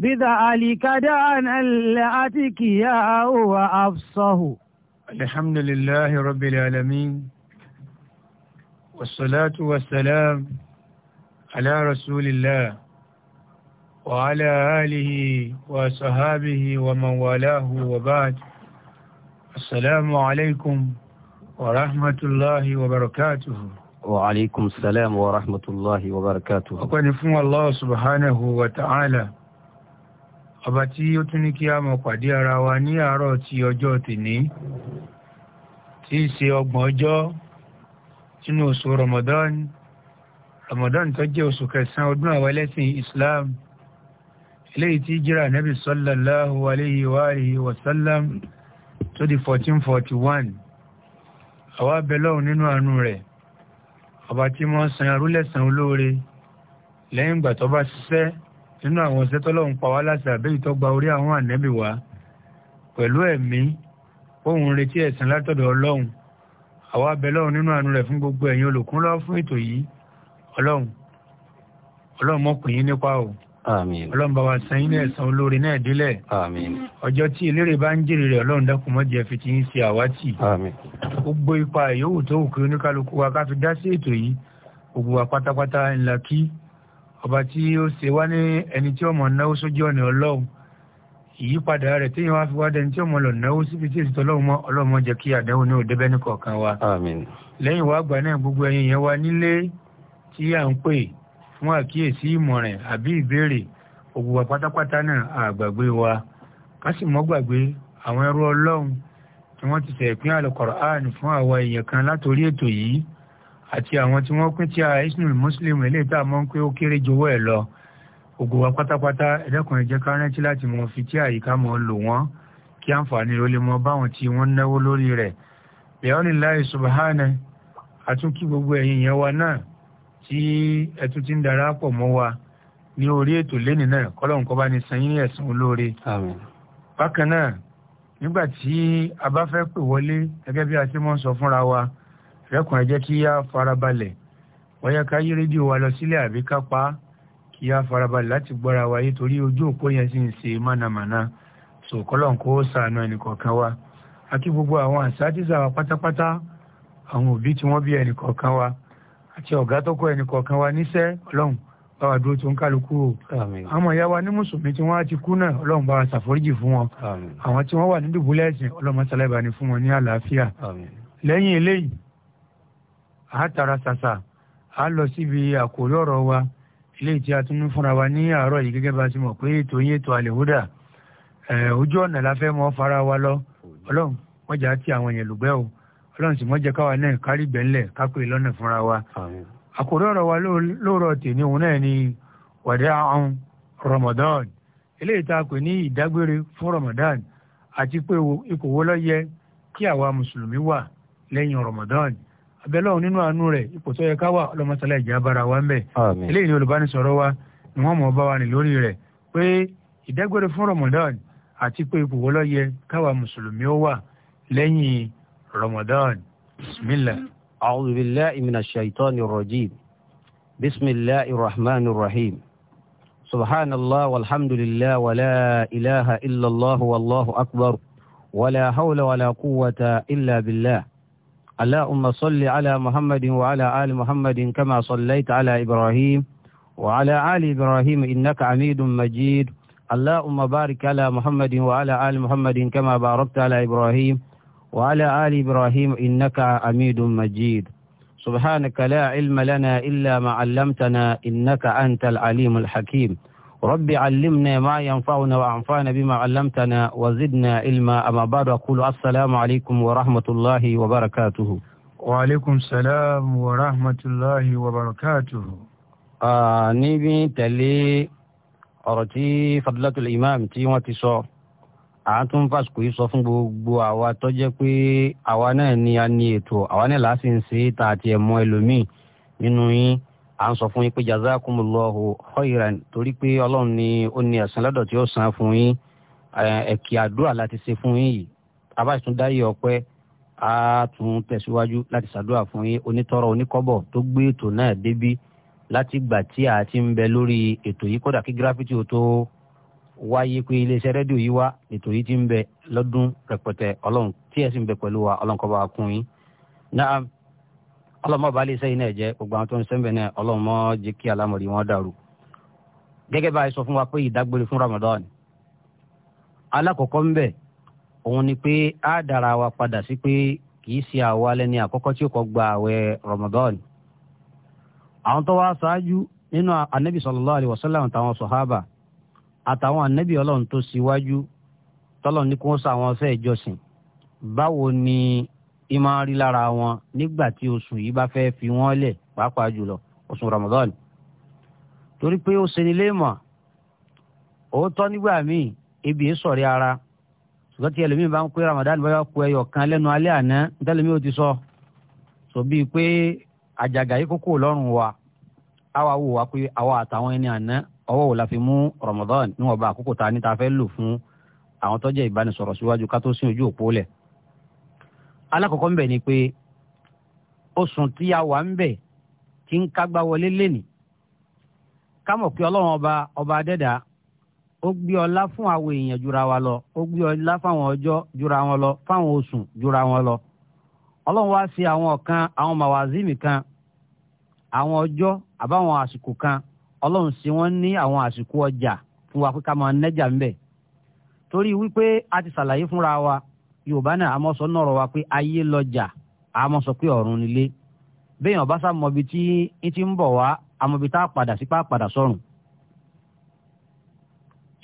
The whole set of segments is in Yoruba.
بذلك دعنا العتك يا هو أفصه الحمد لله رب العالمين والصلاة والسلام على رسول الله وعلى آله وصحابه ومن والاه وبعد السلام عليكم ورحمة الله وبركاته وعليكم السلام ورحمة الله وبركاته أقول الله سبحانه وتعالى ọba tí ó tún ní kí a mọ pàdé ara wa ní àárọ̀ ti ọjọ́ tèní tí í ṣe ọgbọ̀n ọjọ́ nínú oṣù Ramadan Ramadan tó jẹ́ oṣù kẹsàn-án ọdún àwọn ẹlẹ́sìn Islam eléyìí tí jira nabi sallallahu alayhi wa alihi wa sallam tó di 1441 àwa bẹ Ọlọ́hun nínú àánú rẹ̀ ọba tí wọ́n san arúlẹ̀sàn olóore lẹ́yìn ìgbà bá ṣiṣẹ́ nínú àwọn iṣẹ́ tọ́lọ́run pa wá láti àbẹ́ ìtọ́gba orí àwọn ànẹ́bì wa pẹ̀lú ẹ̀mí òun retí ẹ̀san látọ̀dọ̀ ọlọ́run àwa abẹ́ lọ́run nínú àánú rẹ̀ fún gbogbo ẹ̀yin olùkúnlọ́ fún ètò yìí ọlọ́run ọlọ́run mọ̀ yín nípa o ọlọ́run bá wa san yín ní ẹ̀san olóore náà délẹ̀ ọjọ́ tí eléré bá ń jèrè rẹ̀ ọlọ́run dákun mọ́ jẹ́ fi ti ń ṣe àwátì gbogbo ipa ìyówù tó wù kí oníkálukú wa ká fi dá sí ètò yìí gbogbo wa pátápátá ńlá kí ọba tí ó ṣe wá ní ẹni tí ọmọ náwó sójú ọ̀nà ọlọ́run ìyípadà rẹ̀ téèyàn wá fi wá dẹni tí ọmọ lọ náwó síbi tí èsì tọ́lọ́run mọ́ ọlọ́run mọ́ jẹ́ kí àdánwò náà débẹ́ ní kọ̀ọ̀kan wa. àmín. lẹ́yìn wá gbà náà gbogbo ẹ̀yin yẹn wá nílé tí à ń pè fún àkíyèsí ìmọ̀ràn àbí ìbéèrè ògùn pátápátá náà àgbàgbé wa ká sì mọ́ gbàgbé àwọn ẹrú ọlọ́run tí wọ́n ti ṣẹ̀pín àlùkọ̀rọ̀ áàní fún àwa èèyàn kan látòrí ètò yìí àti àwọn tí wọ́n pín tí a ismail muslim eléyìí tá a mọ̀ pé ó kéré jọ̀wọ́ ẹ̀ lọ ògo wa pátápátá ẹ̀dẹ́kùnrin jẹ́ ká rántí láti mọ fi tí àyíká mọ́ lò wọ́n kí àǹfààní rẹ̀ ó lè mọ báwọn tí wọ́n náwó lórí rẹ̀ bẹ̀rẹ̀ láì subahana àtúnkí gbogbo ẹ̀yìn yẹn a bá fẹ́ pè wọlé gẹ́gẹ́ bí a ti mọ́ sọ fúnra wa lẹ́kùn ẹ jẹ́ kí a farabalẹ̀ wọ́yẹ́ ká yí rédíò wa lọ sílẹ̀ àbí ká pa á kí a farabalẹ̀ láti gbọ́ra wa yé torí ojú òpó yẹn sì ń ṣe mánàmáná sòkọ́lọ̀ kó sànù ẹnìkọ̀ọ̀kan wa àti gbogbo àwọn àṣàtìsà wa pátápátá àwọn òbí tí wọ́n bí ẹnìkọ̀ọ̀kan wa àti ọ̀gá tó kọ́ ẹnìkọ̀ọ̀kan wa níṣẹ́ ọlọ́run bá wa dúró tó ń kálukú o àwọn ìyá wa ní mùsùlùmí tí wọ́n ti kú náà ọlọ́run bá wa ṣàforíjì fún wọn àwọn tí wọ́n wà ní dùbúlẹ̀ ẹ̀sìn ọlọ́run mọ́sálẹ́ bá fún wọn ní àlàáfíà lẹ́yìn eléyìí a tara ṣàṣà a lọ síbi àkórí ọ̀rọ̀ wa eléyìí tí a tún fúnra wa ní àárọ̀ yìí gẹ́gẹ́ bá a ti mọ̀ pé ètò yín ètò àlèhúdà ojú ọ̀nà la fẹ́ mọ́ fara wa lọ ọlọ́run wọ́n ti àwọn èèyàn lùgbẹ́ o ọlọ́run sì mọ́jẹ́ káwa náà kárí kápẹ́ lọ́nà fúnra wa. àkórí ọ̀rọ̀ wa lóòrọ̀ tèmi òun náà ni Ramadan eléyìí tá a pè ní Ramadan àti pé yẹ Ramadan abẹ́lọ́hún nínú àánú rẹ̀ ipò tó yẹ ká wà ọlọ́mọsálá ìjà bára wa ń bẹ̀. eléyìí ni olùbánisọ̀rọ̀ wa ni wọ́n mọ̀ bá wa ní lórí rẹ̀ pé ìdágbére fún Ramadan àti pé ipò wọ́lọ́ yẹ káwa mùsùlùmí ó wà lẹ́yìn Ramadan bismillah. a'udhu billahi minash shaitani rrajim bismillahir rahmanir rahim subhanallah walhamdulillah wala ilaha illallah wallahu akbar wala hawla wala quwwata illa billah. اللهم صل على محمد وعلى آل محمد كما صليت على إبراهيم وعلى آل إبراهيم إنك عميد مجيد اللهم بارك على محمد وعلى آل محمد كما باركت على إبراهيم وعلى آل إبراهيم إنك عميد مجيد سبحانك لا علم لنا إلا ما علمتنا إنك أنت العليم الحكيم رب علمنا ما ينفعنا وأنفعنا بما علمتنا وزدنا علما أما بعد أقول السلام عليكم ورحمة الله وبركاته وعليكم السلام ورحمة الله وبركاته آه نبي تلي أرتي فضلة الإمام تي واتسو à ń tún fàṣkò yìí sọ fún gbogbo àwa tó jẹ́ pé àwa náà ni a ní ètò àwa náà láti ń ṣe à ń sọ fún yín pé jazakumullahu khairan torí pé ọlọ́run ni ó ní ẹ̀san lọ́dọ̀ tí ó san fún yín ẹ̀kí àdúrà láti ṣe fún yín yìí abáṣetún dáyé ọpẹ́ á tún tẹ̀síwájú láti ṣàdúrà fún yín onítọ́rọ̀ oníkọ́bọ̀ tó gbé ètò náà débí láti gbà tí a ti ń bẹ lórí ètò yìí kódà kí gíráfìtì ò tó wáyé pé iléeṣẹ́ rédíò yìí wá ètò yìí ti ń bẹ lọ́dún rẹpẹtẹ ọlọ́run tí ẹ bẹ pẹ̀lú wa ọlọ́run kó bá kún yín náà ọlọ́mọ bá lè sẹ́yìn náà jẹ́ gbogbo àwọn tó ń sẹ́ńbẹ̀ náà ọlọ́mọ jẹ́ kí alámọ̀rí wọn dàrú. gẹ́gẹ́ bá a sọ fún wa pé ìdágbére fún Ramadan alákọ̀ọ́kọ́ ń bẹ̀ òun ni pé á dára wa padà sí pé kì í ṣe àwa lẹ́ni àkọ́kọ́ tí ó kọ́ gba àwẹ̀ Ramadan. àwọn tó wá ṣáájú nínú anabi sallallahu alaihi wasallam àtàwọn sọ̀hábà àtàwọn anabi ọlọ́run tó ṣíwájú tọ́lọ́ ní kó sọ àwọn fẹ́ẹ́ jọ́sìn báwo ni ì máa rí lára wọn nígbà tí oṣù yìí bá fẹ́ fi wọ́n lẹ̀ pàápàá jùlọ oṣù Ramadan torí pé ó ṣe ni léèmọ̀ òótọ́ nígbà míì ebi è sọ̀rí ara ṣùgbọ́n tí ẹlòmíì bá ń pé Ramadan báyọ̀ kú ẹyọ kan lẹ́nu alẹ́ àná ntẹ́lẹ̀mí ò ti sọ sọ bíi pé àjàgà yìí kókó lọ́rùn wa àwa wò wá pé àwa àtàwọn ẹni àná ọwọ́ wò la fi mú Ramadan níwọ̀n bá àkókò ta ni ta fẹ́ lò fún àwọn tọ́jẹ́ ìbánisọ̀rọ̀ síwájú ká tó sí ojú òpó lẹ̀ alákọ̀ọ́kọ́ ń bẹ̀ ni pé oṣù tí a wà ń bẹ̀ tí ń kágbá wọlé lẹ́nì ká mọ̀ pé ọlọ́run ọba ọba adẹ́dà ó gbé ọlá fún àwọn èèyàn jura wa lọ ó gbé ọlá fáwọn ọjọ́ jura wọn lọ fáwọn oṣù jura wọn lọ ọlọ́run wá sí àwọn kan àwọn màwázìmì kan àwọn ọjọ́ àbáwọn àsìkò kan ọlọ́run sí wọ́n ní àwọn àsìkò ọjà fún wa pé ká máa nẹ́jà torí wípé a ti ṣàlàyé fúnra wa yorùbá náà àmọ́sọ nọ̀rọ̀ wa pé ayé lọ́jà àmọ́sọ pé ọ̀run nílé béèyàn bá sá mọbi tí ń ti ń bọ̀ wá tá a padà sípà padà sọ́run.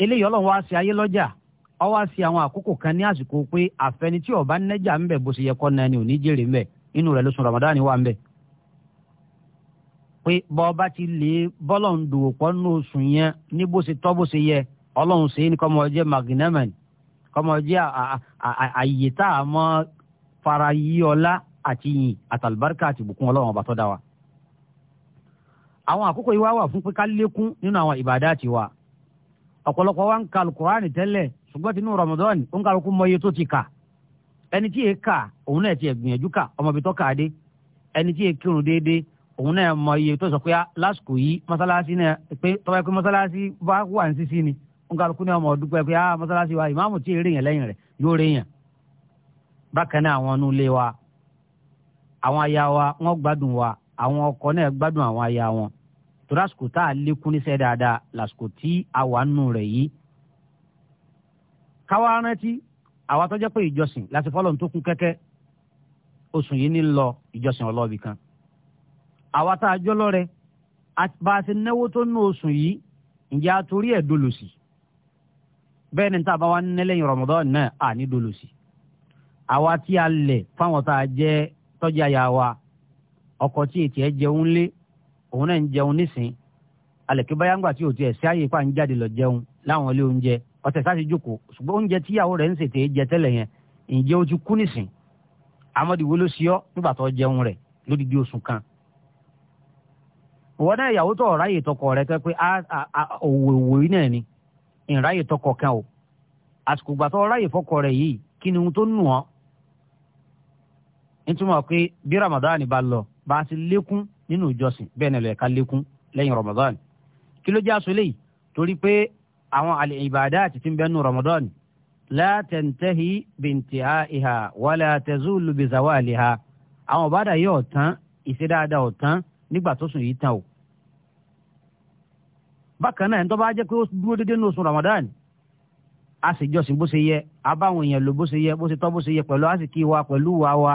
eléyìí ọlọ́run wá sí ayé lọ́jà ọ wá sí àwọn àkókò kan ní àsìkò pé àfẹni tí ọba nẹ́jà ń bẹ̀ bó ṣe yẹ kọ́ náà ni ò ní jèrè ń bẹ̀ inú rẹ̀ ló sun Ramadan wà ń bẹ̀. pé ti lè bọ́lọ̀ ń dòwò pọ́ kọ́mọ jẹ́ àyè tá a mọ́ fara yí ọlá àti yìn àtàlùbáríkà àti ìbùkún ọlọ́run ọba tó dá wa. àwọn àkókò yìí wá wà fún pé ká lékún nínú àwọn ìbàdá àti wa ọ̀pọ̀lọpọ̀ wa ń ka alukurani tẹ́lẹ̀ ṣùgbọ́n tinú ramadan ó ń ka alukó mọye tó ti kà ẹni tí yẹn kà òun náà ti yẹ gbìyànjú kà ọmọbi tó kà dé ẹni tí yẹn kírun déédéé òun náà mọye tó sọ pé lásìkò yìí mọ́sálásí náà pé tọ́wọ́ pé mọ́sálásí bá wà ní sísí ni nkàlùkù ni ọmọ ọdún pẹ́ẹ́pẹ́ ah mọ́sálásí wa ìmáàmù tí èrè yẹn lẹ́yìn rẹ̀ yóò rè yẹn. bákan náà àwọn inú ilé wa àwọn aya wa wọ́n gbádùn wa àwọn ọkọ náà gbádùn àwọn aya wọn tó lásìkò tá a lékún níṣẹ́ dáadáa lásìkò tí a wà nù rẹ̀ yìí. káwa rántí àwa tó jẹ́ pé ìjọsìn láti fọ́lọ́ tó kún kẹ́kẹ́ oṣù yìí ní lọ ìjọsìn ọlọ́ọ̀bì kan àwa tá a jọ́ lọ́rẹ́ bá a ti náwó tó nú oṣù yìí ǹjẹ́ a torí ẹ̀ dolòsì bẹ́ẹ̀ ni tábà wá nílẹ̀ yìí rọmọdọ́ọ̀nù náà à ní dolosi àwa tí a lẹ̀ fáwọn tá a jẹ́ tọ́jú àyà wa ọkọ̀ tí ètì ẹ̀ jẹun lé òun náà ń jẹun nísìn alẹ̀kébáyàngbà tí o ẹ̀ sí àyè pa ń jáde lọ jẹun láwọn ilé oúnjẹ ọ̀tẹ̀ sáà ti jókòó ṣùgbọ́n oúnjẹ tíyàwó rẹ̀ ń ṣètè jẹ tẹ́lẹ̀ yẹn ǹjẹ́ o ti kú nísìn amadi wo ló ṣe ọ́ nígbà tó jẹun rẹ̀ lódìdí oṣù kan ìwọ náà ìyàwó tó ọ̀ráyè tọkọ rẹ̀ tẹ́ pé òwò ìwòyí náà ni ìráyè tọkọ kan o àsìkò ìgbà tó ráyè fọkọ rẹ̀ yìí kí ni ohun tó nù ọ́ nítumọ̀ pé bí Ramadan bá lọ bá a ti lékún nínú ìjọsìn bẹ́ẹ̀ ni lọ́ọ̀ka lékún lẹ́yìn Ramadan kí ló jẹ́ aṣọ eléyìí torí pé àwọn àlè ìbàdà àti tí ń bẹ́ẹ̀ nù Ramadan la tantahi bintihaiha wala tazulu bizawaliha àwọn ọ̀bádà yóò tán ìṣe ò tán nígbà tó sùn yìí tán o bákan náà ẹni tó bá jẹ́ pé ó dúró dédé ní oṣù Ramadan a sì jọ́sìn bó ṣe yẹ a bá àwọn èèyàn lò bó ṣe yẹ bó ṣe tọ́ bó ṣe yẹ pẹ̀lú àsìkí wa pẹ̀lú wa wa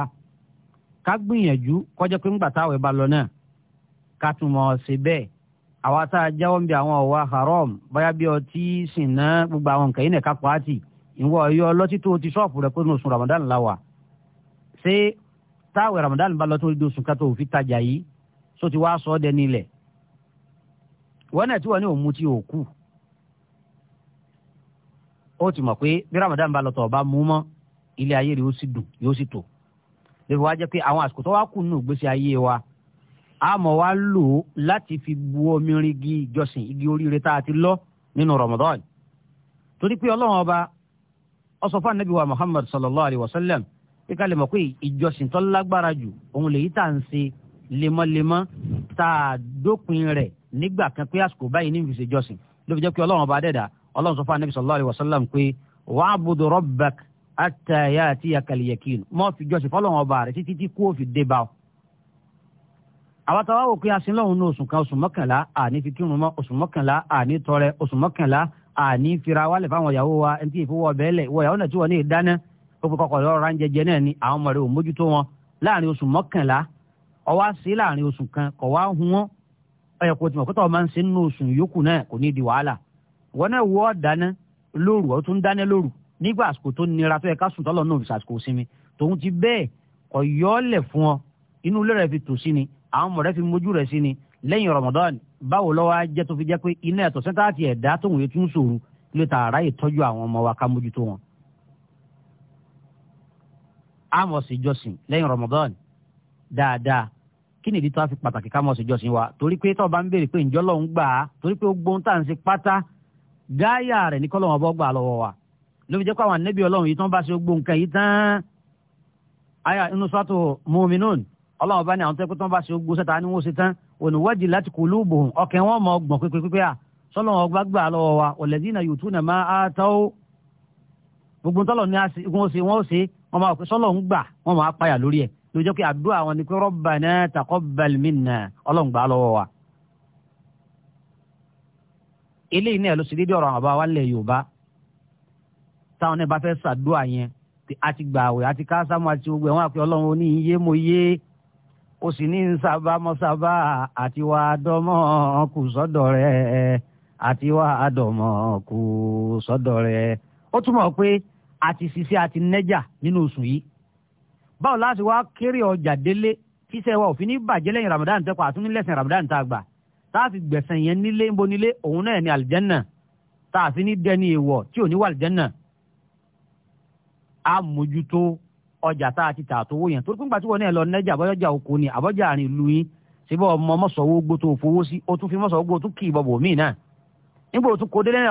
ká gbìyànjú kọjá pé ńgbà táwọn ìbá lọ náà ká tún mọ̀ ṣe bẹ́ẹ̀ àwa tá a jáwọ́ ń bi àwọn ọ̀wà haram báyà bí ọtí sì ná gbogbo àwọn nǹkan yìí nìka pàtì ìwọ ọyọ ọlọ́tí tó ti ṣọ́ọ̀fù rẹ pé oṣù Ramadan la wà ṣé táwọn Ramadan bá lọ tó di oṣù ká tó fi tajà yìí só ti wá sọ ọ́ dẹni ilẹ̀ ìwọ náà tí wọn ní òun mutí òkú ó ti mọ̀ pé bí Ramadan bá lọ tọ̀ ọba mú mọ́ ilé ayé rẹ̀ yóò sì dùn yóò sì tò lẹ́fọ̀ wá jẹ́ pé àwọn àsìkò tó wá kù nínú ìgbésí ayé wa a mọ̀ wá lò láti fi bu omi rin ìjọsìn igi oríire tá a ti lọ nínú Ramadan torí pé ọlọ́run ọba ọsọ fún anabi wa Muhammad sallallahu alayhi wa sallam pé ká lè mọ̀ pé ìjọsìn tó lágbára jù òun lèyí tá à ń ṣe lemọ́lemọ́ tá a dópin rẹ̀ nígbà kan pé àsìkò báyìí ní ìfìṣèjọsìn ló fi jẹ́ pé ọlọ́run ọba adẹ́dà ọlọ́run sọ fún anabi sallallahu alayhi wa sallam pé wa'budu rabbak hatta ya'tiyaka al-yakin mọ́ fi jọ́sìn fọlọ́run ọba rẹ̀ títí tí kú òfin dé bá ọ. àwa táwa wò pé asin lọ́hùn ní oṣù kan oṣù mọ́kànlá àní fi kírun mọ́ oṣù mọ́kànlá àní tọrẹ oṣù mọ́kànlá àní fira wálẹ̀ fáwọn ìyàwó wa ẹni tí ìfowó ọbẹ̀ ẹlẹ̀ ìwọ ìyàwó náà tí wọ́n ní ìdáná ọyọ kò tìmọ̀ kótó máa ń sin nínú oṣù yòókù náà kò ní di wàhálà wọn náà wọ́ dáná lóru ọ̀ tún dáná lóru nígbà àsìkò tó nira tó yẹ ká sùn tọ́lọ̀ náà fi sàsìkò sinmi tòun ti bẹ́ẹ̀ kọ̀ yọ́ọ̀lẹ̀ fún ọ inú ilé rẹ̀ fi tò sí ni àwọn ọmọ rẹ̀ fi mójú rẹ̀ sí ni lẹ́yìn Ramadan báwo lọ́wọ́ á jẹ́ tó fi jẹ́ pé iná ẹ̀tọ́ sẹ́ńtáàtì ẹ̀dá tóun yẹ tún sòrò lè ta ìtọ́jú àwọn ọmọ wa ká mójútó wọn. àmọ̀ sí jọ́sìn lẹ́yìn Ramadan dáadáa kí nìdí tó a fi pàtàkì ká mọ̀ síjọ́sìn wa torí pé tó o bá ń béèrè pé ǹjọ́ lọ́hún gbà á torí pé gbóhùn tá à ń ṣe pátá gáyà rẹ̀ ní kọ́lọ́hún ọbọ̀ gbà lọ́wọ́ wa ló fi jẹ́ pé àwọn ànábì ọlọ́run yìí tó bá ṣe gbóhùn kan yìí tán àyà inú sọ́tò muminun ọlọ́run bá ní àwọn tẹ́kọ́ tó ń bá ṣe gbó sẹ́ta ni wọ́n ṣe tán òníwájì láti kò lóògùn ọkàn wọn mọ̀ gbọ̀n pípípípé à sọ́lọ́run ọgbà gbà lọ́wọ́ wa ọ̀lẹ́dínà yòó tún náà máa tọ́ gbogbo tọ́lọ̀ ní tó jẹ́ pé àdúrà àwọn ni pé rabbana taqabbal minna ọlọ́run gbà lọ́wọ́ wa. eléyìí náà ló sì dédé ọ̀rọ̀ àwọn àbá wa lẹ̀ yorùbá táwọn náà bá fẹ́ sàdúrà yẹn àti gbààwẹ̀ àti kásámù àti gbogbo ẹ̀wọ̀n àpẹ ọlọ́run ó ní iye mo yé ó sì ní sábà mọ́ àti wà á dọ́mọ́ kù sọ́dọ̀ rẹ̀ àti wà á dọ̀mọ́ kù sọ́dọ̀ rẹ̀ ó túmọ̀ pé àti ṣiṣẹ́ àti nẹ́jà nínú oṣù yìí báwo láti wá kéré ọjà délé tíṣẹ́ wa òfin ní bàjẹ́ lẹ́yìn Ramadan tẹ́kọ̀ àtúní lẹ́sìn Ramadan tá a gbà tá a fi gbẹ̀sẹ̀ yẹn nílé ń bo nílé òun náà ní àlìjẹ́nà tá a fi ní dẹni èèwọ̀ tí ò ní wà àlìjẹ́nà a mójútó ọjà tá a ti tà tó yẹn torí pínpà tí wọn náà lọ nẹ́jà àbọ́jà oko ni àbọ́jà àrìn ìlú yín síbẹ̀ ọmọ mọ́sọ̀wó gbó tó fowó sí ó tún fi mọ́sọ̀wó gbó tún kì í bọ̀bọ̀ míì náà nígbà tó kó délé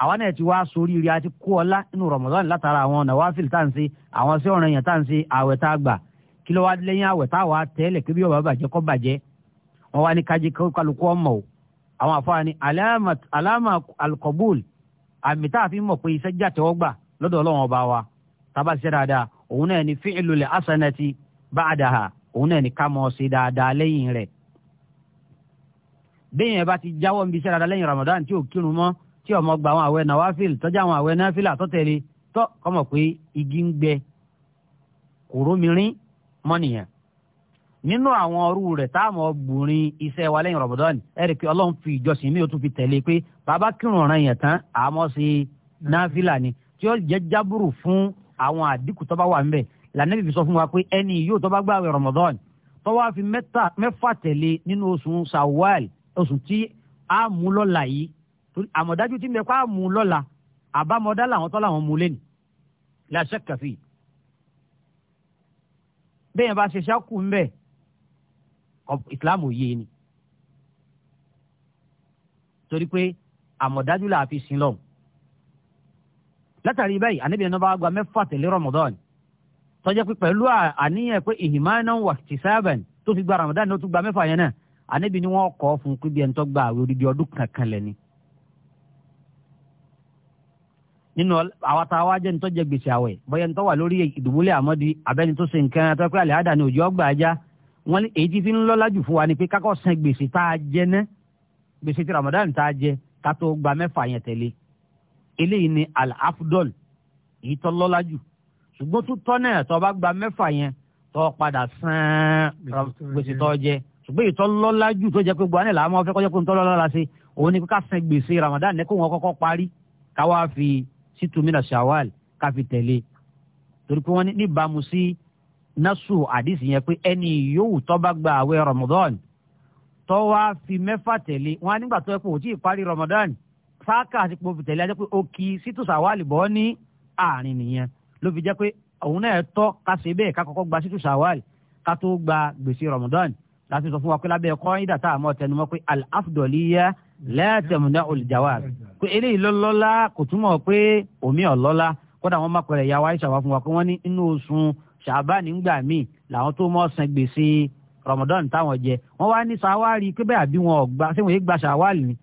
àwa náà ti wá sóríire àti kó ọlá nínú rọmọdán látara àwọn nàwáfíìl tá à ń ṣe àwọn sí ọ̀ràn yẹn tá à ń ṣe àwẹ̀ tá a gbà kí ló wá lẹ́yìn àwẹ̀ tá a wà á tẹ́lẹ̀ kébí ọ̀bà bàjẹ́ kọ́ bàjẹ́ wọn wá ní kájí kálukú ọmọ o àwọn àfọwọ́ ni alama alkobul àmì tá a fi mọ̀ pé iṣẹ́ jà tẹ́wọ́ gbà lọ́dọ̀ ọlọ́wọ́n ọba wa tábà ṣe dáadáa òun náà ni fíìlù lẹ̀ kí ọmọ gba àwọn àwẹ̀ nàwáfíìl tọ́jú àwọn àwẹ̀ náfíìlà tọ́tẹ̀lé tọ́ kọ́mọ̀ pé igi ń gbẹ kòrómìrín mọ́nìyàn nínú àwọn ọrú rẹ̀ táàmù ọgbùnrin iṣẹ́ wa lẹ́yìn rọ̀bọ̀dọ́n ẹ̀rì pé ọlọ́run fi ìjọsìn mi ò tún fi tẹ̀lé pé bàbá kírun ọ̀ràn yẹn tán àmọ́ sí náfìlà ni tí ó jẹ́ jábùrù fún àwọn àdínkù tó bá wà ńbẹ̀ lànàbì fi sọ fún wa pé ẹni yóò tó bá gbààwẹ̀ rọ̀bọ̀dọ́n tó wá fi mẹ́fà tẹ̀lé nínú oṣù sawal oṣù tí a mú lọ́la yìí àmọ̀dájú tí mẹ́kọ́ àmú lọ́la àbámọ́dá làwọn tọ́ làwọn mú lẹ́nu làṣẹ kàfí. bẹ́ẹ̀ bá ṣe ṣáàkù ń bẹ̀ ìsìláàmù yé ni torí pé àmọ̀dájú là á fi sin lọ́wọ́ látàrí báyìí àníbi ẹni bá gba mẹ́fà tẹ̀lé rọmọdọ́ọ̀nì tọ́jọ́ pé pẹ̀lú àníyàn pé ìhìmánà wà ti sábẹ̀n tó fi gba ramadan ní tún gba mẹ́fà yẹn náà àníbi ni wọ́n kọ́ fún pípẹ́ ẹni tó gba àwẹ̀ odidi ọdún kankan lẹ́ni nínú àwọn tá a wá jẹ́ ní tó jẹ gbèsè àwẹ̀ bóyá ní tó wà lórí ìdùbúlẹ̀ àmọ́dí abẹ́ni tó ṣe nǹkan tó pé àlẹ́ àdá ni òjò ọgbà ajá wọn èyí tí fi ń lọ́lá jù fún wa ni pé kákọ́ san gbèsè tá a jẹ ná gbèsè tí Ramadan tá a jẹ ká tó gba mẹ́fà yẹn tẹ̀lé eléyìí ni al-afdol èyí tó lọ́lá jù ṣùgbọ́n tó tọ́ náà tó bá gba mẹ́fà yẹn tó padà san gbèsè tó jẹ ṣùgbọ́n ni pé ká san Ramadan ní kó wọn kọ́kọ́ situmina shawal káfi tẹ̀lé torí pé wọ́n ní níbàámu sí nasu àdìsí yẹn pé ẹni yòówù tó gba àwẹ̀ ramadan tó wá fi mẹ́fà tẹ̀lé wọ́n nígbà tó yẹ pé òtí ìparí ramadan sáàkà àti pò fi tẹ̀lé ajẹ́ pé ó situ shawal bọ́ ní àárín nìyẹn ló fi jẹ́ pé òun náà tọ́ ká bẹ́ẹ̀ ká gba situ shawal ká tó gba gbèsè ramadan láti sọ fún wa pé lábẹ́ ẹ̀kọ́ ìdàtà àmọ́ tẹnumọ́ pé al-afdoliya lẹ́yàtẹ̀mùdá olùjàwá pé eléyìí lọ́lọ́lá kò túmọ̀ pé omi ọ̀lọ́lá kódà wọ́n má pẹ̀lẹ̀ yàwá ìṣàwá fún wa pé wọ́n ní inú oṣù ṣàbá nígbà míì làwọn tó mọ̀ san gbèsè rọmọdọ́n táwọn jẹ wọ́n wá ní sàwárì pé bẹ́ẹ̀ àbí wọn ọ̀gbà ṣé wọ́n yé gba sàwálì ni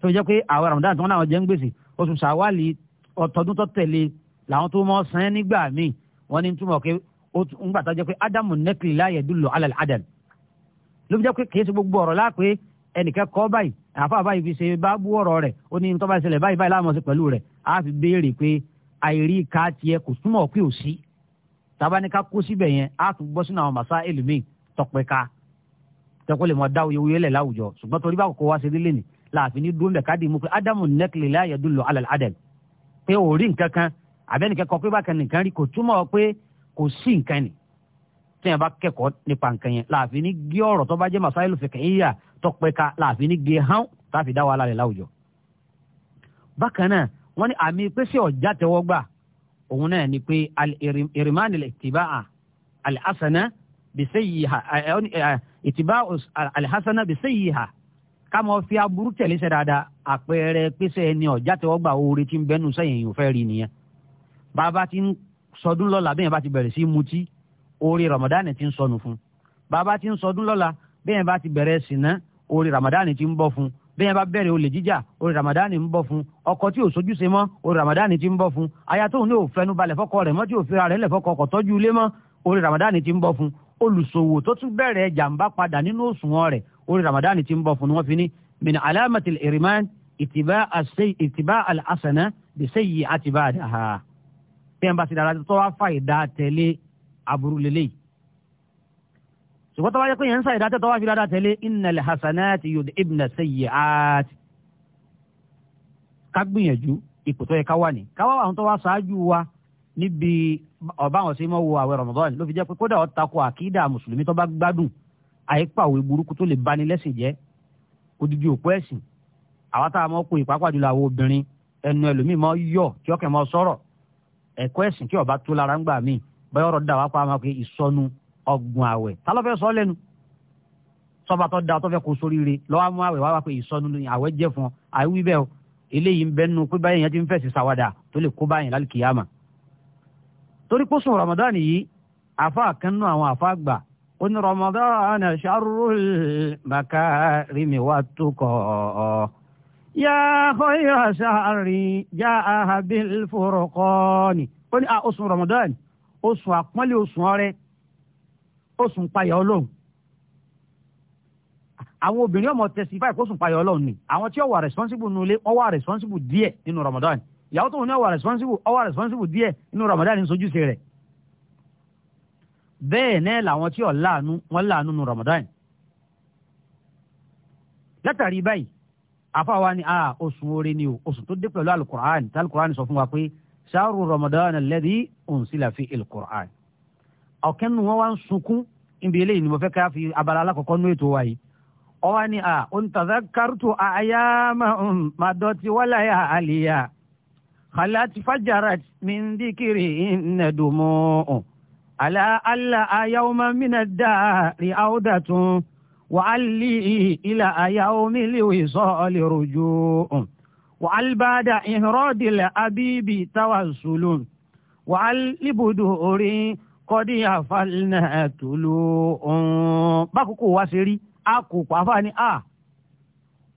tó jẹ́ pé àwọn rọmọdọ́n tí wọ́n náà jẹ́ ń gbèsè oṣù sàwálì ọ̀tọ́dún tó tẹ̀lé làwọn tó mọ̀ san nígbà míì wọ́n ní túmọ̀ pé ńgbà tó jẹ́ pé ádámù nẹ́kìlì láyẹ̀dúlọ̀ alẹ́ àdàn ló fi jẹ́ pé kì í ṣe gbogbo ọ̀rọ̀ lápẹ́ ẹnìkan kọ́ báyìí àfa báyìí fi ṣe bá bú ọ̀rọ̀ rẹ̀ ó ní tó bá ṣẹlẹ̀ báyìí báyìí láàmú sí pẹ̀lú rẹ̀ á fi béèrè pé àìrí ká tiẹ̀ kò túmọ̀ pé ò sí tabaníká kó síbẹ̀ yẹn á tún gbọ́ sínú àwọn màsá ẹlòmíì tọpẹ́ka tẹ́kọ́ lè mọ dá oyè oyè lẹ̀ láwùjọ ṣùgbọ́n torí báwo kò wá ṣe délé ni láàfin ní dúró mẹ́kádì mú pé ádámù nẹ́kìlì láàyè dùn lọ alẹ́ adẹ́l pé ò rí nǹkan kan àbẹ́nìkan kọ pé bákan nìkan rí kò túmọ̀ pé kò sí nǹkan ni tí yẹn bá kẹ́kọ̀ọ́ nípa nǹkan yẹn láàfin ní gé ọ̀rọ̀ tó bá jẹ́ masáyé lófin kẹ́yìn tọpẹ́ka láàfin ní ge hán táfi dá wàhálà rẹ̀ láwùjọ. bákan náà wọ́n ní àmì pèsè ọ̀já tẹ́wọ́ gbà òun náà ni pé ìrìmánì ìtìbá àlìhásánà bìsẹ́ yìí hà kámọ́ fi aburú tẹ̀lé sẹ́ dáadáa àpẹẹrẹ pèsè ẹni ọ̀já tẹ́wọ́ gbà oore tí ń bẹ́nu sẹ́yìn yóò fẹ́ rí nìyẹn. bàbá ti ń sọdún lọ́la bẹ́ẹ̀ bá ti bẹ̀rẹ̀ sí mutí oore Ramadan ti ń sọnù fún bàbá ti ń sọdún lọ́la bẹ́ẹ̀ bá ti bẹ̀rẹ̀ sìnà orí ramadan ti ń bọ̀ fún bẹ́ẹ̀ bá bẹ̀rẹ̀ olè jíjà orí ramadan ń bọ̀ fún ọkọ tí ò sojúṣe mọ́ orí ramadan ti ń bọ̀ fún aya tóun ní òfẹnu balẹ̀ fọkọ rẹ̀ mọ́ tí òfin rẹ̀ lẹ̀ fọkọ ọkọ̀ ilé mọ́ orí ramadan ti ń bọ̀ fún olùṣòwò tó tún bẹ̀rẹ̀ jàǹbá padà nínú òṣùwọ̀n rẹ̀ orí ramadan ti ń bọ̀ fún ni wọ́n fi ní min alamati iriman itiba al-asana bi sayyi atiba adaha bẹ́ẹ̀ bá ti dára tó wá fà ṣùgbọ́n tó bá yẹ pé yẹn ń sàyẹ̀dá tẹ́tọ́ wá fi dáadáa tẹ́lé innal hasanati yudhibna sayyi'at ká gbìyànjú ipò tó yẹ ká wà ní ká wá àwọn tó wá ṣáájú wa níbi ọba àwọn sèémọ wo àwẹ̀ Ramadan ló fi jẹ́ pé kódà ó tako àkídà mùsùlùmí tó bá gbádùn àyípàwé burúkú tó lè bani lẹ́sìn jẹ́ odidi òpó ẹ̀sìn àwa tá a mọ̀ kó ìpápàdùlà àwọn ọgbọ̀n àwẹ̀ ta ló fẹ́ sọ lẹ́nu sọba tó da tó fẹ́ kó soríire lọ́wọ́ mú àwẹ̀ wá wá pé ìsọnu ni àwẹ̀ jẹ́ fún ọ àìwí bẹ́ẹ̀ o eléyìí ń bẹ́ nu pé báyìí yẹn ti ń fẹ̀sì sàwádà tó lè kó báyìí lálùkìyàmà torí pé Ramadan yìí àfa kan àwọn àfa gbà ó ní Ramadan sharrul makarimi wattuqa yá khayra shahri jaa bil furqani ó ní oṣù ah, Ramadan oṣù àpọ́nlé oṣù ọrẹ́ ó sùn payà ọlọ́run àwọn obìnrin ọmọ testify kó sùn payà ọlọ́run ni àwọn tí ó wà responsible nínú ilé ó wà responsible díẹ̀ nínú Ramadan ìyàwó tóun ní ó wà responsible ó responsible díẹ̀ nínú Ramadan ní sojúṣe rẹ̀ bẹ́ẹ̀ náà làwọn tí ó wọn láàánú nínú Ramadan látàrí báyìí afáwa ni a oṣù oore ni o oṣù tó dé pẹ̀lú alukur'an tí alukur'an sọ fún wa pé ṣáàrù Ramadan alladhi unsila fi il ọ̀kẹ́ nu wọn wá ń sunkún níbi eléyìí ni mo fẹ́ ká fi abala alákọ̀ọ́kọ́ nú ètò wa yìí ọwọ́ ni a òǹtàzá kárùtù àyà máa dọ̀tí wálá yà àlìyà kàláàtì fàjàrà mi ń dìkìrì ìnàdùnmọ́ ọ̀hún. على ألا يوما من الدار عودة وعلي إلى يوم الوصال رجوع وعل بعد إهراد الأبيب توسل وعل لبدور kọ́dí àfàlínà tòló ọ̀hún bákòókò wá ṣe rí a kò pa àfa ni a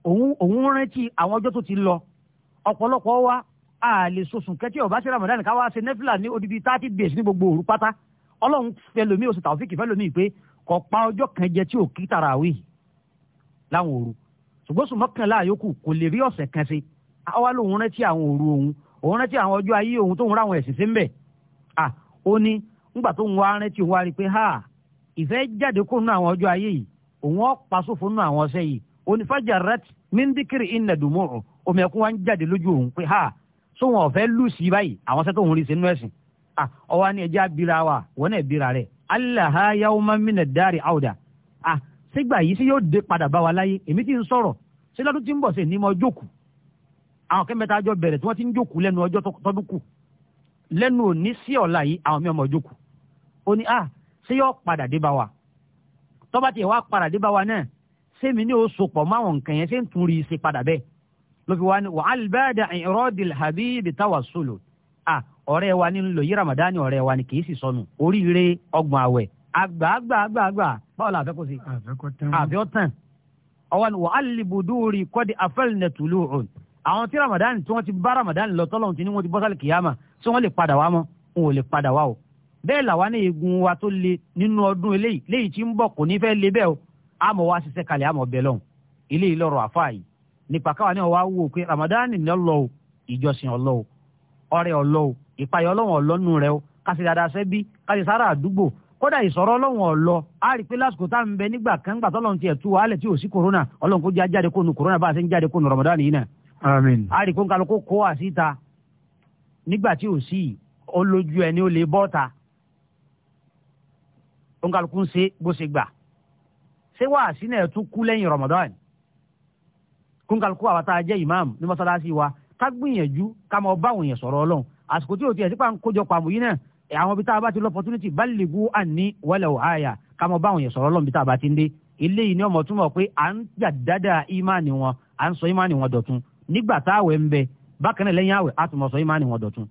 òun òun rántí àwọn ọjọ́ tó ti lọ ọ̀pọ̀lọpọ̀ wa a lè sosùn kẹ́tí ọ̀bá sí ramadan ká wá ṣe nẹ́fìlà ní odidi thirty days ní gbogbo òru pátá ọlọ́run fẹ́ lomi oṣù tàwọ́fíìkì fẹ́ lomi pé kò pa ọjọ́ kan jẹ tí ò kí tarawih láwọn òru ṣùgbọ́n sùn mọ́kànlá àyókù kò lè rí ọ̀sẹ̀ kan ṣe àwa lòun rántí àwọn òru òun òun rántí àwọn ọjọ́ ayé òun tóun ráwọn ẹ̀sìn sí ń bẹ̀ à ó ní ńgbà tó ń wá rántí wá rí pé ha ìfẹ́ jáde kó nínú àwọn ọjọ́ ayé yìí òun ọ̀ paṣọ fún nínú àwọn ọ̀sẹ̀ yìí onífàjà rat mindikiri inna dùmọ̀rọ̀ omi ẹ̀kún wa ń jáde lójú òun pé ha sóhun ọ̀fẹ́ lù sí báyìí àwọn sẹ́tọ̀ òun rí sínú ẹ̀sìn ọwọ́ ni ẹja bira wa wọn náà bira rẹ̀ alaha yawma mina dari awda ah sígbà yìí sí yóò dé padà bá wa láyé èmi ti ń sọ̀rọ̀ sí lọ́dún tí ń bọ̀ sí ní mo jókòó àwọn kẹ́mẹ́ta àjọ bẹ̀rẹ̀ tí wọ́n ti ń jókòó lẹ́nu ọjọ́ tọdún kù lẹ́nu òní sí ọ̀la yìí àwọn mi ọmọ jókòó ó ní ah ṣé yóò padà dé bá wa tọ́ba tiẹ̀ wá padà dé bá wa náà sẹ́mi ní o sopọ̀ mọ́ àwọn nǹkan yẹn ṣé ń tún rí i ṣe padà bẹ́ẹ̀ ló fi wá ní wà á bẹ́ẹ̀dà ìrọ́dìl habibi táwa solo ah ọ̀rẹ́ wa ní lò yí Ramadan ọ̀rẹ́ wa ni kì í sì sọnù oríire ọgbọ̀n àwẹ̀ àgbààgbààgbà báwo la àfẹ́kọ̀ọ́ sí àfẹ́ọ̀tàn ọwọ́n wà á lè budúri kọ́dí afẹ́lẹ̀nẹ̀tùlù ọ̀hún àwọn tí Ramadan tí wọ́n ti bá Ramadan lọ tọ́lọ́hún ti ní wọ́n ti bọ́sálì kìyàmà tí wọ́n lè padà wá mọ́ wọn ò lè padà wá o bẹ́ẹ̀ làwa ní egun wa tó le nínú ọdún eléyìí léyìí tí ń bọ̀ kò ní fẹ́ o àmọ́ wa ṣiṣẹ́ kalẹ̀ àmọ́ bẹ́ẹ̀ lọ́hùn ilé ìlọrọ̀ àfáà yìí nípa káwa ní ọwọ́ wò pé Ramadan ní ọlọ́ o ìjọsìn ọlọ́ o ọrẹ ọlọ́ o ìpayọ̀ ọlọ́run ọlọ́nu rẹ o sẹ́bí sára àdúgbò kódà a rí pé lásìkò tá à ń bẹ nígbà kan gbà tí ò sí kòrónà ọlọ́run kó jáde kó nu kòrónà bá a òǹkàlùkù ń ṣe bó ṣe gbà ṣé wàásí náà tún kú lẹ́yìn Ramadan kóńkàlùkù àwa tá a jẹ́ ìmáàmù ní mọ́sálásí wa ká gbìyànjú ká máa bá àwọn èèyàn sọ̀rọ̀ ọlọ́run àsìkò o ti ẹ̀ sípà ń kójọ pàmò yìí náà àwọn ibi tá a bá ti lọ opportunity ballighu anni walaw aya ká máa bá àwọn èèyàn sọ̀rọ̀ ọlọ́run ibi tá a bá ti ń dé ilé yìí ni ọmọ túmọ̀ pé à ń jà imani ìmáàni wọn à ń sọ ìmáàni ń bẹ bákan náà lẹ́yìn àwẹ̀ tún mọ̀ sọ ìmáàni wọn dọ̀tun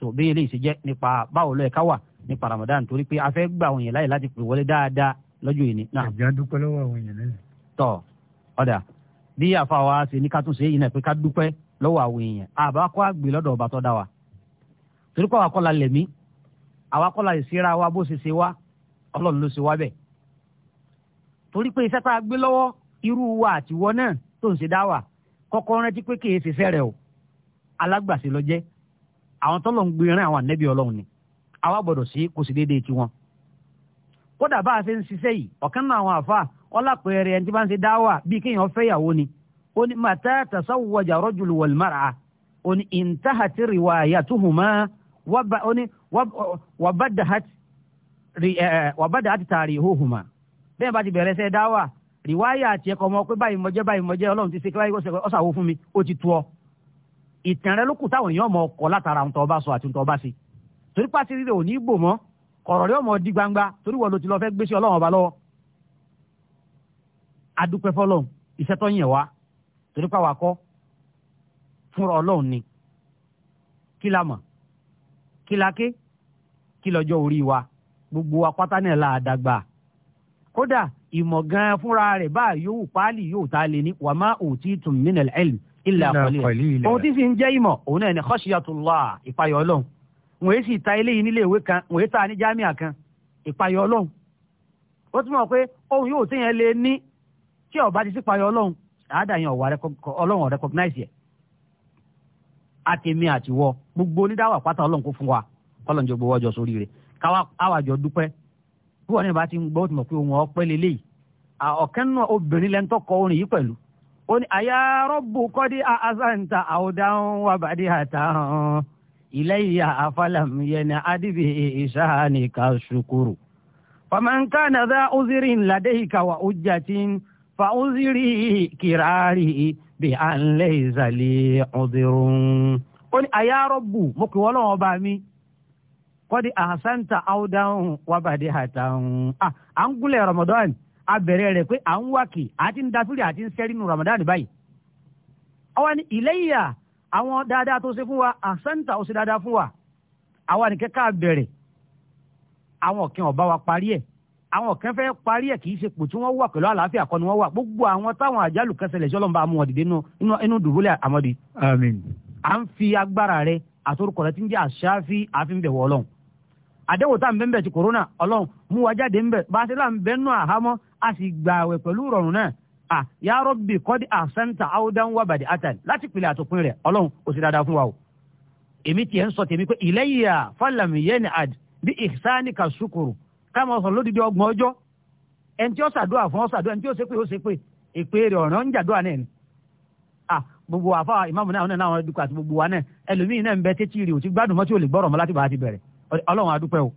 so bí eléyìí ṣe jẹ́ nípa báwo ló yẹ ká wà nípa Ramadan torí pé a fẹ́ gba àwọn yẹn láyè láti pè wọlé dáadáa lọ́jọ́ yìí ni. ẹ̀jẹ̀ dúpẹ́ lọ́wọ́ àwọn yẹn lẹ́yìn. tọ ọ̀dà bí àfa wa ṣe ní ká tún ṣe yìí náà pé ká dúpẹ́ lọ́wọ́ àwọn èèyàn àbá kọ́ àgbè lọ́dọ̀ ọba tó dá wa torí pé àwa kọ́ la lẹ̀mí àwa kọ́ la ìṣera wa bó ṣe ṣe wa ọlọ́run ló ṣe wa bẹ́ẹ̀ torí pé iṣẹ́ tá a gbé lọ́wọ́ irú wa àtiwọ́ náà tó ń ṣe dá wa kọ́kọ́ rántí pé kì í ṣiṣẹ́ rẹ̀ o alágbàṣe lọ jẹ́ àwọn tọ́lọ̀ ń gbé rán àwọn ànẹ́bí ọlọ́run ni àwa gbọ́dọ̀ sí kò sí déédéé tiwọn. kódà bá a ṣe ń ṣiṣẹ́ yìí ọ̀kan náà àwọn àfa ọlápẹ̀rẹ̀ ẹni tí bá ń ṣe dáwà bíi kéèyàn fẹ́yàwó ni ó ní màtá tasawwaja rajul wal ó ní intahati riwayatuhuma ó ní wabadahat eh, eh, tarihuhuma bẹ́ẹ̀ bá ti bẹ̀rẹ̀ ṣe dáwà rìwáyà àti ẹ̀kọ́ ọmọ pé báyìí mọ̀jẹ́ báyìí mọ̀jẹ́ ọlọ́run ti ṣe kí báyìí ọ̀sàwó fún mi ó ti tu ọ ìtàn táwọn èèyàn mọ̀ ọkọ̀ látara ohun bá sọ àti ohun bá ṣe torí pàṣírí rẹ̀ ò bò mọ́ kọ̀rọ̀ rẹ̀ ọmọ di gbangba torí wọ́n ló ti lọ fẹ́ gbéṣẹ́ ọlọ́run ọba lọ́wọ́ adúpẹ́ fọlọ́run iṣẹ́ tó yẹn wá torí pàwọ́ akọ́ fúnra ọlọ́run ni kí la mọ̀ ké kí lọ́jọ́ orí wa gbogbo wa pátá náà la àdàgbà kódà ìmọ̀ gan fúnra rẹ̀ bá yóò páálí yóò tá a lè ní wàmá òtítùm minal ilm illa qalil ohun tí fi ń jẹ́ ìmọ̀ òun náà ni khashiyatullah ìpayọ̀ ọlọ́run wọ́n èsì ta eléyìí nílé ìwé kan wọ́n èta ní jámíà kan ìpayọ̀ ọlọ́run ó túmọ̀ pé ohun yóò téèyàn lè ní tí ó bá ti sí payọ̀ ọlọ́run àádà yẹn ọ̀wà ọlọ́run recognize yẹ àtèmi àtiwọ gbogbo onídàáwà pátá ọlọ́run kò fún wa kọ́lọ́n jọ gbowó ọjọ́ sórí rẹ̀ káwa àwàjọ dúpẹ́ bí wọ́n ní bá ti ń gbọ́ tìmọ̀ pé òun ọpẹ́ lélẹ́yìí ọ̀kan náà obìnrin lẹ́ńtọ́ kọ orin yìí pẹ̀lú ó ní àyà rọ́bù kọ́dí àzàǹtà àwòdà wàbàdì àtàwọn ilayya afalam yẹni adibi isaani ka sukuru. faman kana dha uzirin ladayka wa ujjatin fa uziri kirari bi an laysa li uzirun. ó ní aya rabbu mo kì wọ́n lọ́wọ́ bá mi kọ́di ahasanta awudan wabadi hatan. a à ń gúnlẹ̀ ramadan a bẹ̀rẹ̀ rẹ̀ pé à ń dafiri àti ń ramadan báyìí. àwọn ilé àwọn dáadáa tó ṣe fún wa àṣẹ́ǹtà ó ṣe dáadáa fún wa àwa nìkẹ́ ká bẹ̀rẹ̀ àwọn ọ̀kẹ́ ọ̀bá wa parí ẹ̀ àwọn ọ̀kẹ́ fẹ́ parí ẹ̀ kì í ṣe pò tí wọ́n wà pẹ̀lú àlàáfíà kọ́ ni wọ́n wà gbogbo àwọn táwọn àjálù kẹsẹ̀lẹ̀ ṣọlọ́n bá mú wọn dìde inú dùbúlẹ̀ àmọ́dì. àmín. à ń fi agbára rẹ àtòrúkọ rẹ ti ń jẹ àṣàfi àfin bẹ̀wọ̀ ọlọ́run àdéhùn tá à ń bẹ́ẹ̀ ti kòrónà ọlọ́run mú wa jáde ń bẹ̀ bá a ṣe là ń bẹ́ẹ̀ àhámọ́ a sì gbààwẹ̀ pẹ̀lú ìrọ̀rùn náà à yà rọ́bì kọ́dí àṣẹ́ǹtà áwùdán wà bàdí àtàn láti pìlẹ̀ àtòpin rẹ̀ ọlọ́run ó sì dáadáa fún wa o èmi tiẹ̀ ń sọ tèmi pé ìlẹ́yà fọlàmì yẹn àd bí ìsáni kà sukuru káwọn sọ lódìdí ọgbọ̀n ọjọ́ ẹni tí ó ṣàdúrà fún ọ ṣàdúrà ẹni tí ó ṣe pé ó ṣe pé èpè rẹ̀ ọ̀ràn ń jàdúrà náà ni à ah, gbogbo àfa ìmáàmù náà náà àwọn ẹdùkọ àti gbogbo wa náà ẹlòmíì náà ń bẹ tètè rè ó ti gbádùn mọ́tí ò lè gbọ́rọ̀ mọ́ láti bàá ti bẹ̀rẹ̀ ọlọ́run adúpẹ́ o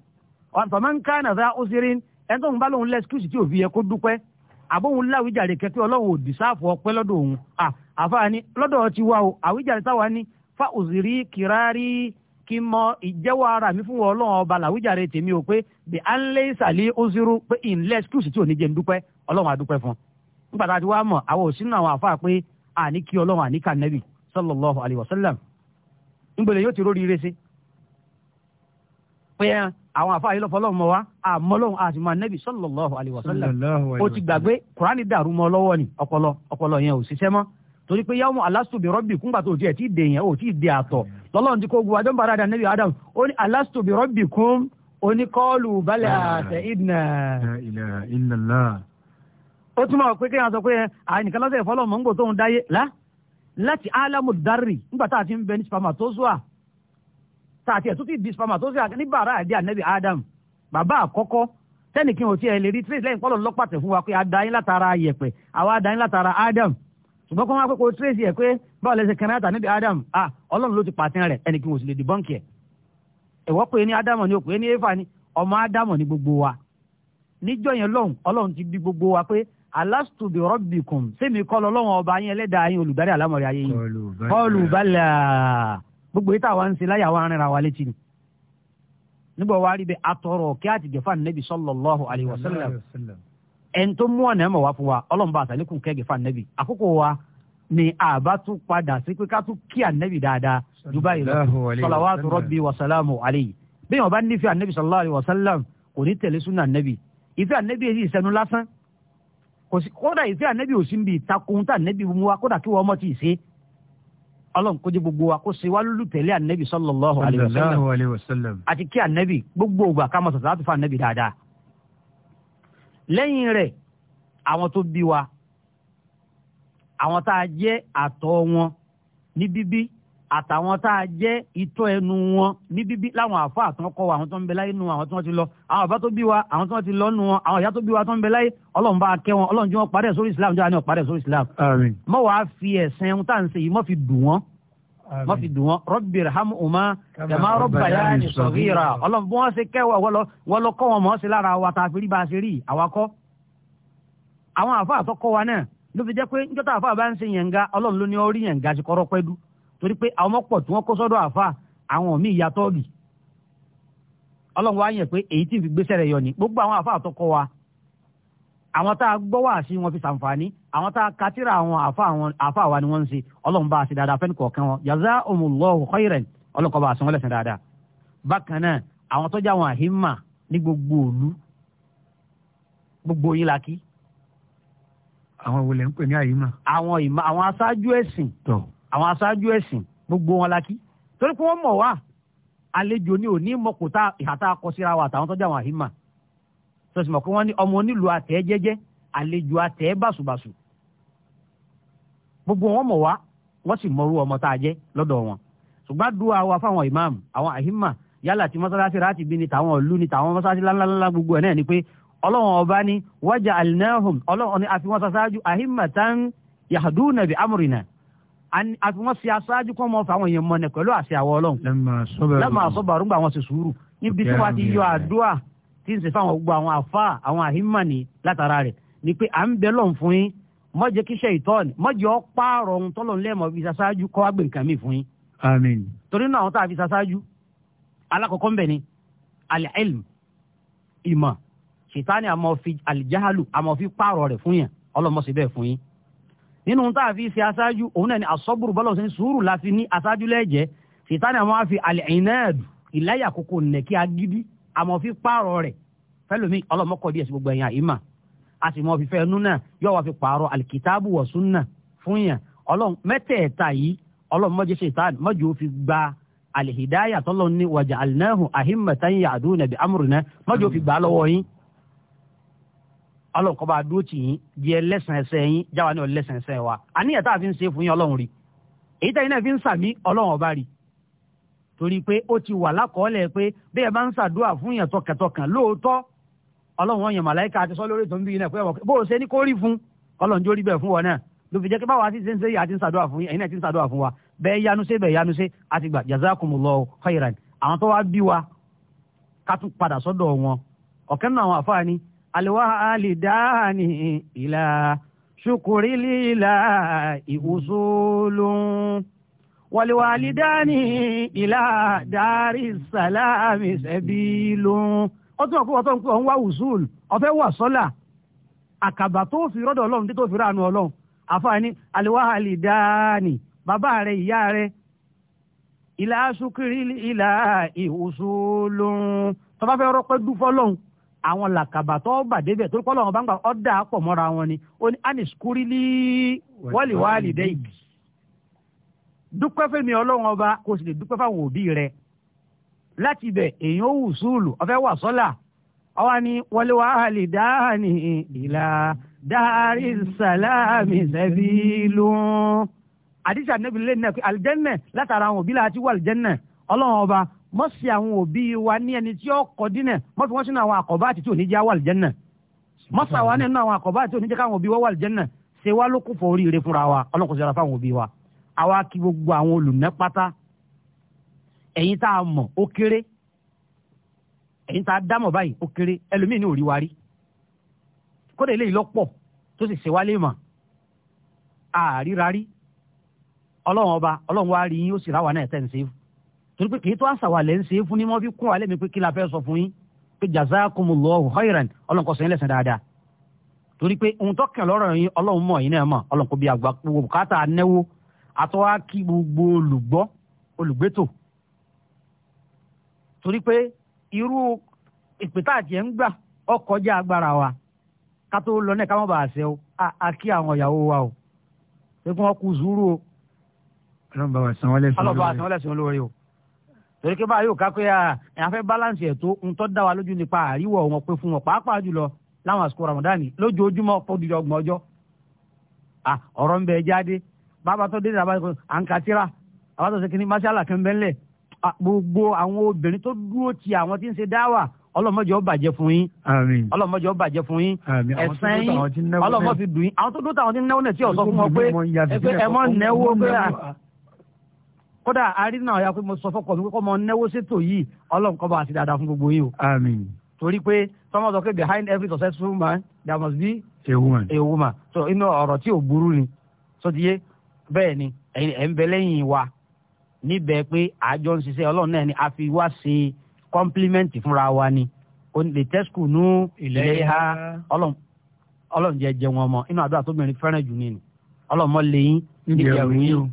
ọ̀nfàmọ́ ń ká nàdá ó ṣeré ẹni tó ń bá lóun lẹ́sikúùsì tí ò fi yẹ kó dúpẹ́ àbóhun láwíjàre kẹkẹ ọlọ́run òdì sáàfù ọpẹ́ lọ́dọ̀ òun àfààní lọ́dọ̀ ti wá o àwíjàre táwa fa òsìrí kirari kí mọ ìjẹ́wọ́ ara mi fún ọlọ́run ọba làwíjàre tèmi o pé bí à ń lé ìsàlẹ̀ òsìrú tí ò ní jẹ́ ń dúpẹ́ ọlọ́run àdúpẹ́ fún un tá a ti wá mọ̀ àwọn òsínú àwọn àwọn àfa yìí lọ́fọ́ lọ́wọ́ wa àmọ́lọ́hún àti mọ́ anẹ́bí sallallahu alaihi wasallam ó ti gbàgbé kùránì dàrú mọ́ lọ́wọ́ ni ọpọlọ ọpọlọ yẹn ò ṣiṣẹ́ mọ́ torí pé yàwó alastobi rọ́bì kúngbà tó tiẹ̀ tí ì dè yẹn ò tí ì dè àtọ̀ lọ́lọ́run ti kó gu adó ń bára dàn nẹ́bí adam ó ní alastobi rọ́bì kún ó ní kọ́ọ̀lù balẹ̀ àtẹ ìdnà. ó túmọ̀ pé kéèyàn sọ pé àyìnkan lọ́sẹ̀ ìfọlọ́mọ̀ ń gbò tóun dáyé lá láti álámù dárì tá a ti ń bẹ ní supermatozoa tààtì ẹ̀tún ti di spama tó sì ní bàrà àdé ànẹ́bí Adam bàbá àkọ́kọ́ tẹ́nìkan ò tí ẹ lè rí trace lẹ́yìn pọ́lọ́ lọ́pàtẹ̀ fún wa pé adáyín látara yẹ̀pẹ̀ àwa adáyín látara Adam ṣùgbọ́n kọ́ máa pé kò trace yẹ pé báwo lẹ́sẹ̀ kẹrin àtà níbi Adam ah ọlọ́run ló ti pàtẹ́ rẹ̀ ẹnìkan ò sì lè dìbọ́ǹkì ẹ̀ ẹ̀wọ́ pé ní Adam ni ó pé ní Éfà ni ọmọ Adam ni gbogbo wa níjọ́ yẹn lọ́hùn ọlọ́run ti bí gbogbo wa pé alastu bi rabbikum sẹ́mi kọ́ lọ́wọ́ ọba yẹn ẹlẹ́dàá yín olùdarí àlámọ̀rí ayé yín kọ́ọ̀lù bala gbogbo yìí táwa ń ṣe láyà wa rìnra wa létí ni nígbà wa rí bẹ atọrọ kí àti gẹfà nẹbi sallallahu alayhi wa sallam ẹn tó mú ọ̀nà ẹ̀mọ̀ wá fún wa ọlọ́mùbá àtàlẹ́kùn kẹ́ gẹfà nẹbi àkókò wa ni àbá tún padà sí pé ká tún kí ànẹbi dáadáa ju báyìí lọ salawatu rabbi wa salamu alayhi bí wọn bá nífẹ̀ẹ́ ànẹbi sallallahu alayhi wa sallam kò ní tẹ̀lé súnà ànẹbi ìfẹ́ ànẹbi yìí ìsẹnu lásán kódà ìfẹ́ ànẹbi ò sí níbi ìtakùn tá ànẹbi mú wa kódà kí wọ́n mọ̀ tí ì ọlọ́run kó jẹ́ gbogbo wa kó ṣe wá lólù tẹ̀lé ànẹ́bì sallallahu alayhi wa sallam àti kí ànẹ́bì gbogbo ògbà ká mọ̀ sọ̀tà láti fa ànẹ́bì dáadáa. lẹ́yìn rẹ̀ àwọn tó bí wa àwọn tá a jẹ́ àtọ̀ wọn ní bíbí àtàwọn tá a jẹ́ itọ́ ẹnu wọn ní bíbí láwọn àfa àtúnkọ́ wa àwọn tó ń bẹ láyé nu àwọn tí wọ́n ti lọ àwọn bàbá tó bí wa àwọn tí wọ́n ti lọ nu wọn àwọn ìyá tó bí wa tó ń bẹ láyé ọlọ́run bá kẹ́ wọn ọlọ́run jí wọn parẹ́ sórí islam jọ àní ọ̀parẹ́ sórí islam. àmín. mọ wàá fi ẹ̀sìn ohun tá à ń ṣe yìí mọ́ fi dùn wọ́n. àmín. fi dùn wọn mọ́ ṣe lára wa tá a fi rí bá a ṣe rí ṣe yẹn ń torí pé àwọn ọmọ pọ̀ tí wọ́n kó sọ́dọ̀ àfa àwọn míì ya tọ́ọ̀gì ọlọ́run wá yẹn pé èyí tí n fi gbéṣẹ́ rẹ̀ yọ ni gbogbo àwọn àfa àtọkọ wa àwọn tá a gbọ́ wá sí wọn fi sàǹfààní àwọn tá a katira àwọn àfa àwọn àfa wa ni wọ́n ń ṣe ọlọ́run bá a ṣe dáadáa fẹ́ni kọ̀ọ̀kan wọn jazakumullahu khairan ọlọ́kọ̀ bá a sanwó lẹ́sìn dáadáa bákan náà àwọn tọ́jà àwọn àhímà ní gbogbo òlu gbogbo yín la àwọn wo ń pè ní àhímà. àwọn ìmọ̀ àwọn aṣáájú ẹ̀sìn. tọ́ àwọn aṣáájú ẹ̀sìn gbogbo wọn la kí torí pé wọ́n mọ̀ wá àlejò ni ò ní mọ̀kòtà ìhàtà akọsíra wa àtàwọn tọ́jú àwọn àhímà sọ̀sì mọ̀ pé wọ́n ní ọmọ onílùú àtẹ́ jẹ́jẹ́ àlejò àtẹ́ bàṣùbàṣù gbogbo wọn mọ̀ wá wọ́n sì mọ̀rú ọmọ tá a jẹ́ lọ́dọ̀ wọn ṣùgbọ́n dúà wa fáwọn ìmáàmù àwọn àhímà yálà tí mọ́sálásí ráàtì bí ni tàwọn ìlú ni tàwọn mọ́sálásí ńláńlá gbogbo ẹ̀ náà ni pé ọlọ́run ọba ní wájà alinahum ọlọ́run ni àfi wọn ṣaṣáájú àhímà tán yahduna bi àfi wọ́n fi aṣáájú kọ́ mọ́ fáwọn èèyàn mọ́nẹ̀ pẹ̀lú àṣẹ àwọ̀ ọlọ́run lẹ́mọ̀ àṣọ́bàrú gbà wọ́n ṣe sùúrù níbi tí wọ́n ti yọ àdúrà tí ń ṣe fáwọn gbogbo àwọn àfa àwọn àhímà ní látara rẹ̀ ni pé à ń bẹ lọ́n fún yín mọ́jẹ́ kíṣẹ́ ìtọ́ni mọ́jẹ́ ọ́ pààrọ̀ ohun tọ́lọ́n lẹ́mọ̀ fi ṣaṣáájú kọ́ wá gbé nǹkan mì fún yín. torí náà àwọn tá a fi ṣaṣáájú alákọ̀ọ́kọ́ ń bẹ ni al-ilm ìmọ̀ ṣètánì àmọ́ fi al-jahalu àmọ́ fi pààrọ̀ nínú tá a fi ṣe aṣáájú òun náà ni asọ́bùrù bọ́lá òsín sùúrù la fi ní aṣáájú lẹ́jẹ̀ sìtáni àwọn àfi àlẹ́ẹ̀nẹ́ẹ̀dù ìláyà kókó nẹ̀kí agídí àmọ́ fi pààrọ̀ rẹ̀ fẹ́lómi ọlọ́mọkọ díẹ̀ sí gbogbo ẹ̀yàn àyímà a sì mọ̀ fi fẹ́ ẹnu náà yóò wá fi pààrọ̀ àlìkìtáàbù wa súnà fún yàn ọlọ́run mẹ́tẹ̀ẹ̀ta yìí ọlọ́run mọ́jọ sìtáni mọ́jọ ó fi gba gbà ọlọ́run kọ́ba dúró tì yín jẹ́ lẹ́sàn ẹsẹ̀ yín jáwa náà lẹ́sàn ẹsẹ̀ wa àníyàn tá a fi ń ṣe fún yín ọlọ́run rí èyí tẹ́yìn náà fi ń sàmí ọlọ́run ọba rí torí pé ó ti wà lákọọ́lẹ̀ pé bí ẹ bá ń ṣàdúrà fún yẹn tọkàntọkàn lóòótọ́ ọlọ́run wọn yàn màláìka àti sọ́lórí tó ń bí iná pé bó o ṣe ní kó rí fún ọlọ́run jó rí bẹ́ẹ̀ fún wọn náà ló fi jẹ́ kí báwa ti ṣe ń ṣe àti ń khairan àwọn wa ká tún padà sọ́dọ̀ wọn ọ̀kẹ́ alwali dani ìlà ṣukuri lílà ìwòsólùn wàlúwàlì dání ìlà dárí sàlámì sẹ́bílùn ó tún ọ̀pọ̀ ọ̀tọ̀ ń pè ọ́n wá wùsùl ọ̀fẹ́ wà sọ́là àkàbà tó fi rọ́dọ̀ ọlọ́run tí tó fi ránu ọlọ́run àfààní àlewáhàlì dáání bàbá rẹ ìyá rẹ ìlà sukiri ìlà tọ́ba fẹ́ rọ́pẹ́ dúfọ́ lọ́hùn àwọn làkàbàtọ́ bàdébẹ̀ torí pọ́lọ́ wọn bá ń gbà ọ́dà pọ̀ mọ́ra wọn ni ó ní anis kúrílì wọ́lìwálì dẹ́yì dúpẹ́ fẹ́mi ọlọ́run ọba kò sì lè dúpẹ́ fáwọn òbí rẹ̀ láti ibẹ̀ èèyàn wù súùlù ọ̀fẹ́ wà sọ́là ọwọ́ ni wọlé wàá dáhàní ìlà dáhàrí sàlámì sẹ́bí lóhùn àdìsí àdínẹ́bí látara àwọn òbí láti wà àlìjẹ́nẹ̀ ọlọ́run ọba mọ̀ sí àwọn òbí wa ní ẹni tí ó kọ́ dínẹ̀ mọ̀ fi wọ́n sínú àwọn àkọ́bá àti tí ò ní jẹ́ wà lìjẹ́nà mọ̀ sí àwa nínú àwọn àkọ́bá àti tí ò ní jẹ́ káwọn òbí wa wà lìjẹ́nà ṣe wá ló kún fún oríire fúnra wa ọlọ́run kò sí ara fáwọn òbí wa àwa kí gbogbo àwọn olùnẹ́ pátá ẹ̀yin tá a mọ̀ ó kéré ẹ̀yin tá a dámọ̀ báyìí ó kéré ẹlòmíì ní òrí wa rí kódà eléyìí lọ́pọ̀ tó sì ṣe wálé mọ̀ àrírarí ọlọ́run ọba ọlọ́run wa rí yín ó sì ráwa náà tẹ̀ ń ṣe fún torí pé kì í tó àṣàwàlẹ̀ ń ṣe é fún ní wọ́n fi kún alẹ́ mi pé kí la fẹ́ sọ fún yín pé jazakumullahu khairan ọlọ́nkọ sọ yín lẹ́sìn dáadáa torí pé ohun tó kàn lọ́rọ̀ yín ọlọ́run mọ̀ yín náà mọ̀ ọlọ́nkọ bíi àgbà gbogbo bùkátà anẹ́wó àtọ́wá kí gbogbo olùgbọ́ olùgbétò torí pé irú ìpètà àti ẹ̀ ń gbà ọkọjá agbára wa ká tó lọ náà ká mọ̀ bá àṣẹ o a kí àwọn ìyàwó wa o pé kí wọ́n kú zúrú o. ọlọ́run bá wa sanwó lẹ́sìn olóore o torí pé báyìí ò ká pé ẹ̀yàn ah, fẹ́ balance ẹ̀ tó ń tọ́ da wa lójú nípa àríwọ̀ wọn pé fún wọn pàápàá jùlọ láwọn àsìkò Ramadan lójoojúmọ́ kó di ọgbọ̀n ọjọ́ ọ̀rọ̀ ń bẹ ẹ jáde bàbá tó dé dàbá ẹ̀kọ́ à ń ka tíra bàbá tó ṣe kínní masala kan bẹ́ẹ̀ lẹ̀ gbogbo àwọn obìnrin tó dúró ti àwọn tí ń ṣe dáwà ọlọmọdé ó bàjẹ́ fún yín ọlọmọdé ó bàjẹ́ fún yín ẹsẹn yín ọlọmọ fi dùn yín àwọn tó dúró táwọn tí ń náà tí ọsọ fún wọn pé ẹ mọ náwó pé kódà àárín ya pé mo sọ fọkọ mi kọ́ mọ náwó ṣètò yìí gbogbo yìí o. torí pé tọ́mọ sọ pé behind every successful man there must be a woman. a woman so inú ọ̀rọ̀ tí ò burú ni sọ bẹ́ẹ̀ ni ẹ̀ wa níbẹ̀ pé àjọ ń ṣiṣẹ́ ọlọ́run ni a fi wá ṣe kọ́ńpílímẹ́ǹtì fúnra wa ni lè tẹ́sùkù nu ilé ha ọlọ́run jẹ́ jẹun ọmọ inú àdúrà tó mẹ́rin fẹ́ràn jù ọlọ́run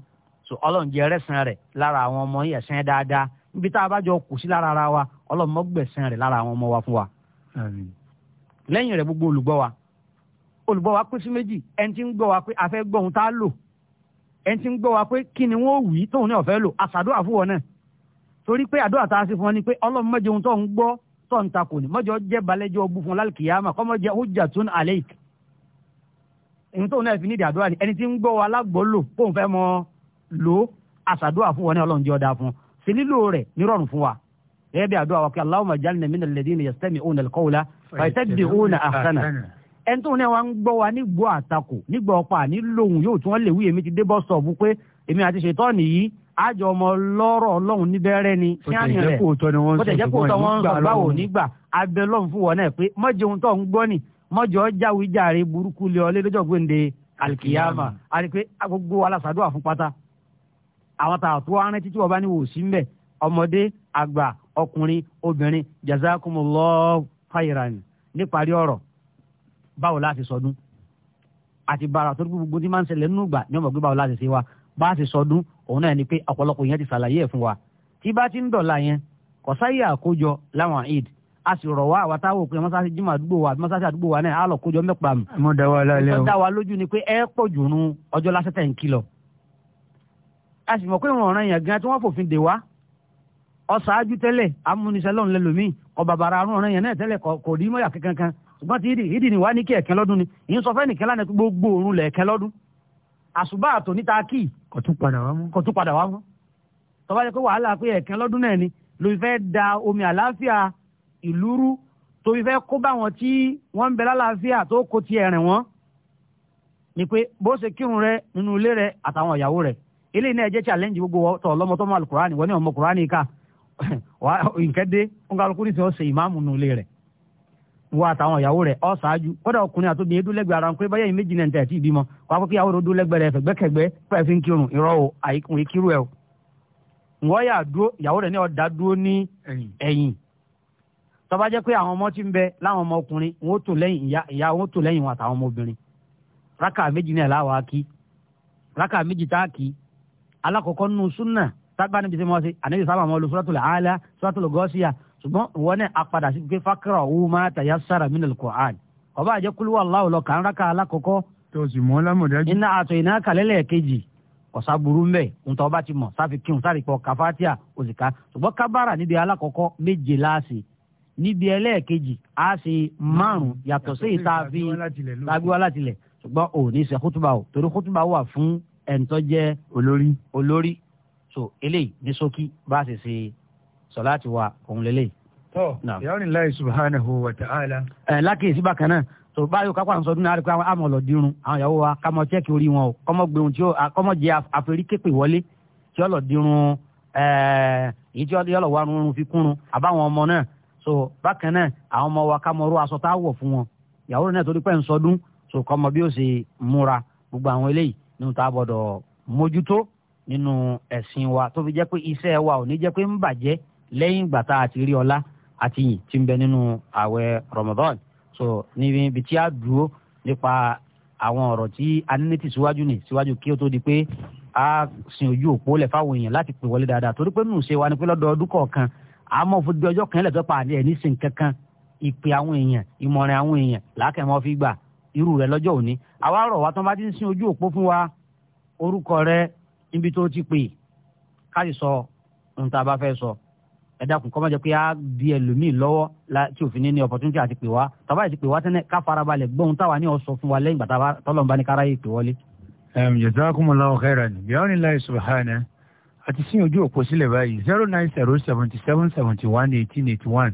so ọlọ́run jẹ́ ẹrẹ́sìn rẹ̀ lára àwọn ọmọ yẹn sẹ́n dáadáa níbi tá a bá jọ kù sí lára ara wa ọlọ́run mọ́ gbẹ̀sìn rẹ̀ lára àwọn ọmọ wa fún wa. àmín. lẹ́yìn rẹ̀ gbogbo olùgbọ́ wa olùgbọ́ wa pín sí méjì ẹni tí ń gbọ́ wa pé a fẹ́ gbọ́ ohun tá a lò ẹni tí ń gbọ́ wa pé kí ni wọ́n wí tóun náà fẹ́ lò àṣàdúrà fún wọn náà torí pé àdúrà tá a ṣe fún ọ ni pé ọlọ́run mọ́jọ ohun tó gbọ́ tó takò ní mọ́jọ jẹ́ balẹ̀jọ́ ọbú fún lálùkìyàmà kọ́mọ jẹ́ hujjatun aleik. ìhun tóun náà fi nídìí àdúrà ni ẹni tí ń gbọ́ wa lágbọ́ lò kóun fẹ́ mọ́ Lo ó àṣàdúrà fún wọn ní ọlọ́run jẹ́ ọ̀dà fún sí lílò rẹ̀ nírọ̀rùn fún wa gẹ́gẹ́ bí àdúrà wa kí Allahumma ij'alna minal ladhina yastami'una al-qawla fayattabi'una ahsana ẹni tó ní wa ń gbọ́ wa nígbọ́ àtakò nígbọ́ ọ̀pá nílòhùn yóò tún wọ́n lè wí èmi ti dé bọ́sọ̀ọ̀bù pé èmi àti ṣètọ́ nìyí àjọ ọmọ lọ́rọ̀ ọlọ́run níbẹ̀rẹ̀ ni síánì rẹ̀ bó tẹ̀ jẹ́ kó tọ́ wọn sọ báwo nígbà abẹ́ lọ́run fún wọn náà pé mọ́jẹun tó ń gbọ́ ni mọ́jọ jáwéjáre burúkú àwọn tá a tó arin títí wọn bá ní wò sí ń bẹ ọmọdé àgbà ọkùnrin obìnrin jazakumullahu khairan níparí ọ̀rọ̀ báwo láti sọdún àti bàrà tó gbogbo tí máa ń ṣẹlẹ̀ nínú ìgbà ní ọmọ gbé báwo láti ṣe wa bá a ti sọdún òun náà ni pé ọ̀pọ̀lọpọ̀ yẹn ti ṣàlàyé ẹ̀ fún wa tí bá ti ń dọ̀la yẹn kò sáyé àkójọ láwọn eid a sì rọ̀ wá àwa táwọn òpin mọ́sáàsì jimá àdúgbò wa mọ́sáàsì àdúgbò wa náà á lọ kójọ mẹ́pàá mi. mo dá wa lálẹ́ o. wa lójú ni pé ẹ pọ̀ jù nù ọjọ́ lásẹ̀tẹ̀ ń kí lọ a sì mọ̀ pé wọn ọ̀ràn yàn gan tí wọ́n fòfin dè wá ọ̀ṣáájú tẹ́lẹ̀ amúnisẹ́lọ́n lẹ́lòmíì ọ̀bàbàrà àrùn ọ̀ràn yàn náà tẹ́lẹ̀ kò rí mọ́yà kankan ṣùgbọ́n ti ìdì ìdì nìwá ní kí ẹ̀kẹ́ lọ́dún ni ìyẹn sọ fẹ́ nìkan lánàá gbogbo òórùn lẹ̀kẹ́ lọ́dún àṣùbà àtò níta kí kò tún padà wá mọ́ kò tún padà wá mọ́ tọ́ba jẹ́ pé wàhálà pé ẹ̀kẹ́ lọ́dún náà ni ló fi fẹ́ da omi àlàáfíà ìlú rú tó fi fẹ́ kó bá wọn tí wọ́n ń bẹ lálàáfíà tó kó tiẹ̀ rìn wọ́n ni pé bó ṣe kírun rẹ nínú ilé rẹ àtàwọn ìyàwó rẹ̀ eléyìí náà jẹ́ challenge gbogbo ọtọ ọlọmọ tó mọ alukurani wọ́n ní ọmọ kurani ká nǹkan dé nǹkan kúrìsì ọ̀sẹ̀ ìmáàmù nulẹ̀ rẹ̀ wọ́n àtàwọn ìyàwó rẹ̀ ọ̀ ṣáájú kódà ọkùnrin àtòbí a ara ń pé báyẹn méjì náà tẹ̀sí ìbímọ wọ́n á kó kí àwọn odúlẹ́gbẹ̀ẹ́ rẹ̀ fẹ̀gbẹ́kẹ̀gbẹ́ fi ń kírun ìrọ̀ o àìkún ìkírù o. wọ́n yà dúró ìyàwó rẹ̀ ní dúró ní pé ọmọ ti ń bẹ láwọn ọmọ alákọ̀ọ́kọ́ nù súnà tágbani bìtẹ́ mọ́ sí sábà mọ́ lu suratul ala suratul gọ́síà ṣùgbọ́n wọn náà apadà sí pé fákàrà owó máa tàyà sára min al-Qur'an ọba àjẹ kúlú Allahu lọ kàn rákà alákọ̀ọ́kọ́. tó o sì mọ́ lámọ̀dájú. iná àtọ̀ iná kàlẹ́lẹ̀ kejì ọ̀sá burú mbẹ́ ntọ́ bá ti mọ̀ sáfi kírun sáfi pọ̀ kàfátíà òsìká ṣùgbọ́n kábàrà níbi alákọ̀ọ́kọ́ méje láàṣì níbi ẹlẹ́ẹ̀kejì á ṣe márùn-ún yàtọ̀ sí ìta fi tàbí wá látilẹ̀ ṣùgbọ́n ò ní ṣe kútùbà ò torí kútùbà wà fún ẹ̀ńtọ́ jẹ́ olórí olórí so eléyìí ní ṣókí bá a ṣe ṣe sọ̀láàtì wa òun lélẹ̀. tọ́ ìyáwó láì subhanahu wa ta'ala. ẹ lákèésí bákan náà tó báyọ̀ kápá àwọn sọdún náà rí pé àwọn ìyàwó wa ká mọ chẹ́ẹ̀kì orí wọn o kọ́mọ gbẹ̀hùn tí ó kọ́mọ jẹ́ àfẹ́rí képè wọlé tí ó lọ tí ó lọ wà fi kúrun àbáwọn ọmọ náà so bákan náà àwọn ọmọ wa ká mọ orú aṣọ tá a wọ̀ fún wọn ìyàwó náà torí pé ń sọdún so kọ́mọ bí ó ṣe múra gbogbo àwọn eléyìí nínú tá a gbọ́dọ̀ mójútó nínú ẹ̀sìn wa tó fi jẹ́ pé iṣẹ́ wa ò ní jẹ́ pé ń bàjẹ́ lẹ́yìn ìgbà tá a ti rí ọlá àti yìn tí ń bẹ nínú ààwẹ̀ Ramadan so níbi tí a dúró nípa àwọn ọ̀rọ̀ tí a ní ti síwájú ní síwájú kí ó tó di pé a sin ojú òpó lẹ̀ fáwọn èèyàn láti pè wọlé dáadáa torí pé nù ṣe wa ni pé lọ́dọọdún kọ̀ọ̀kan àmọ́ fún bí ọjọ́ kan lẹ̀ tó pa àdé ẹ̀ ní sìn kankan ìpè àwọn èèyàn ìmọ̀ràn àwọn èèyàn làákẹ́ mọ́ fi gbà irú rẹ̀ lọ́jọ́ òní àwa rọ̀ wá tó bá ti ń sin ojú òpó fún wa orúkọ rẹ níbi tó ti pè ká sì sọ ohun tá a bá fẹ́ sọ ẹ dákun kọ́ máa jẹ́ pé á di ẹlòmíì lọ́wọ́ tí òfin ní ní opportunity àti pè wá tàbá yìí ti pè wá tẹ́lẹ̀ ká farabalẹ̀ gbọ́n táwa ní ọ̀sọ̀ fún wa lẹ́yìn bàtà tọ́lọ́mbá ní káráyè pè wọlé. jazakumullahu khairan ni bí ọ́nìlá subhana àti sí ojú òpó sílẹ̀ báyìí zero nine zero seventy seven seventy one eighteen eighty one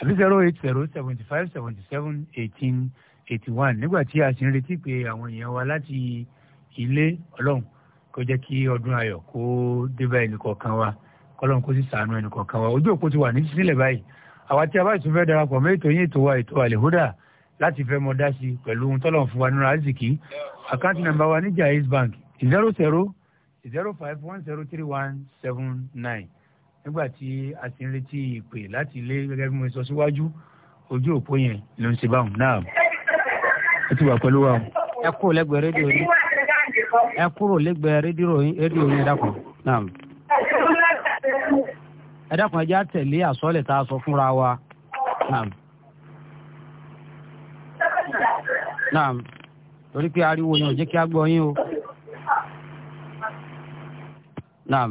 àbí zero eight zero seventy five seventy seven eighteen eighty one nígbà tí a sì ń retí pé àwọn èèyàn wa láti ilé ọlọ́run kó jẹ́ kí ọdún ayọ̀ kó débá ẹnìkọ̀ọ̀kan wa kọ́lọ́run kó sì sàánú ẹnìkọ̀ọ̀kan wa ojú òpó ti wà ní sísílẹ̀ báyìí àwa tí a bá sì fẹ́ darapọ̀ mẹ́tò yín ètò wa ètò àlèhódà láti fẹ́ mọ dá sí pẹ̀lú ohun tọ́lọ̀ fún wa nínú àzìkí àkáǹtì nàmbà wa ní Jaiz Bank zero zero zero five one zero three one seven nine nígbà tí a sì ń retí ìpè láti ilé gẹ́gẹ́ bí mo sọ síwájú ojú òpó yẹn ló ń ṣe báwọn náà. ti wà pẹ̀lú wa. ẹ kúrò lẹ́gbẹ̀ẹ́ rédíò yín ẹ kúrò lẹ́gbẹ̀ẹ́ rédíò yín ẹ dákun. ẹ dákun ẹ jẹ́ àtẹ̀lé àsọ́lẹ̀ tá a sọ fúnra wa. naam torí pé ariwo yẹn ò jẹ́ kí a gbọ́ o. naam.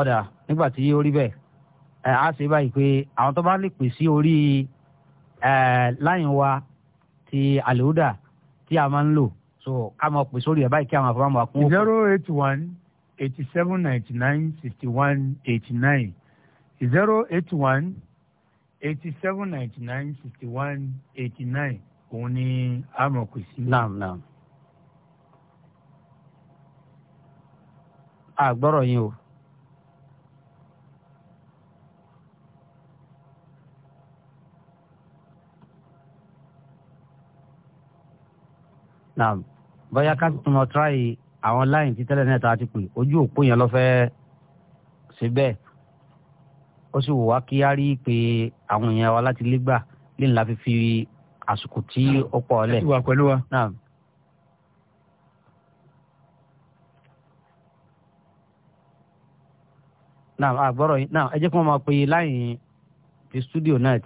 ọ̀dà nígbà tí ó rí bẹ́ẹ̀ ẹ̀ á ṣe báyìí pé àwọn tó bá lè pè sí orí láyìn wa ti àlèhúdà tí a máa ń lò so ká máa pè sórí ẹ̀ báyìí kí àwọn àfọwọ́mọ̀ kún zero eight one eighty seven ninety nine sixty one eighty nine zero eight one eighty seven ninety nine sixty one eighty nine òun ni a mọ̀ pè sí. naam naam. àgbọ̀rọ̀ yín o. náà bóyá ká tún lọ tíráì àwọn láyìn tí tẹ́lẹ̀ náà ti pè ojú òpó yẹn lọ fẹ́ ṣe bẹ́ẹ̀ ó sì wò wá kí á rí i pé àwọn èèyàn wa láti lé gbà lè ńlá fi fi àsìkò tí ó pọ̀ ọ́lẹ̀. pẹ̀lú pe láyìn ti stúdíò náà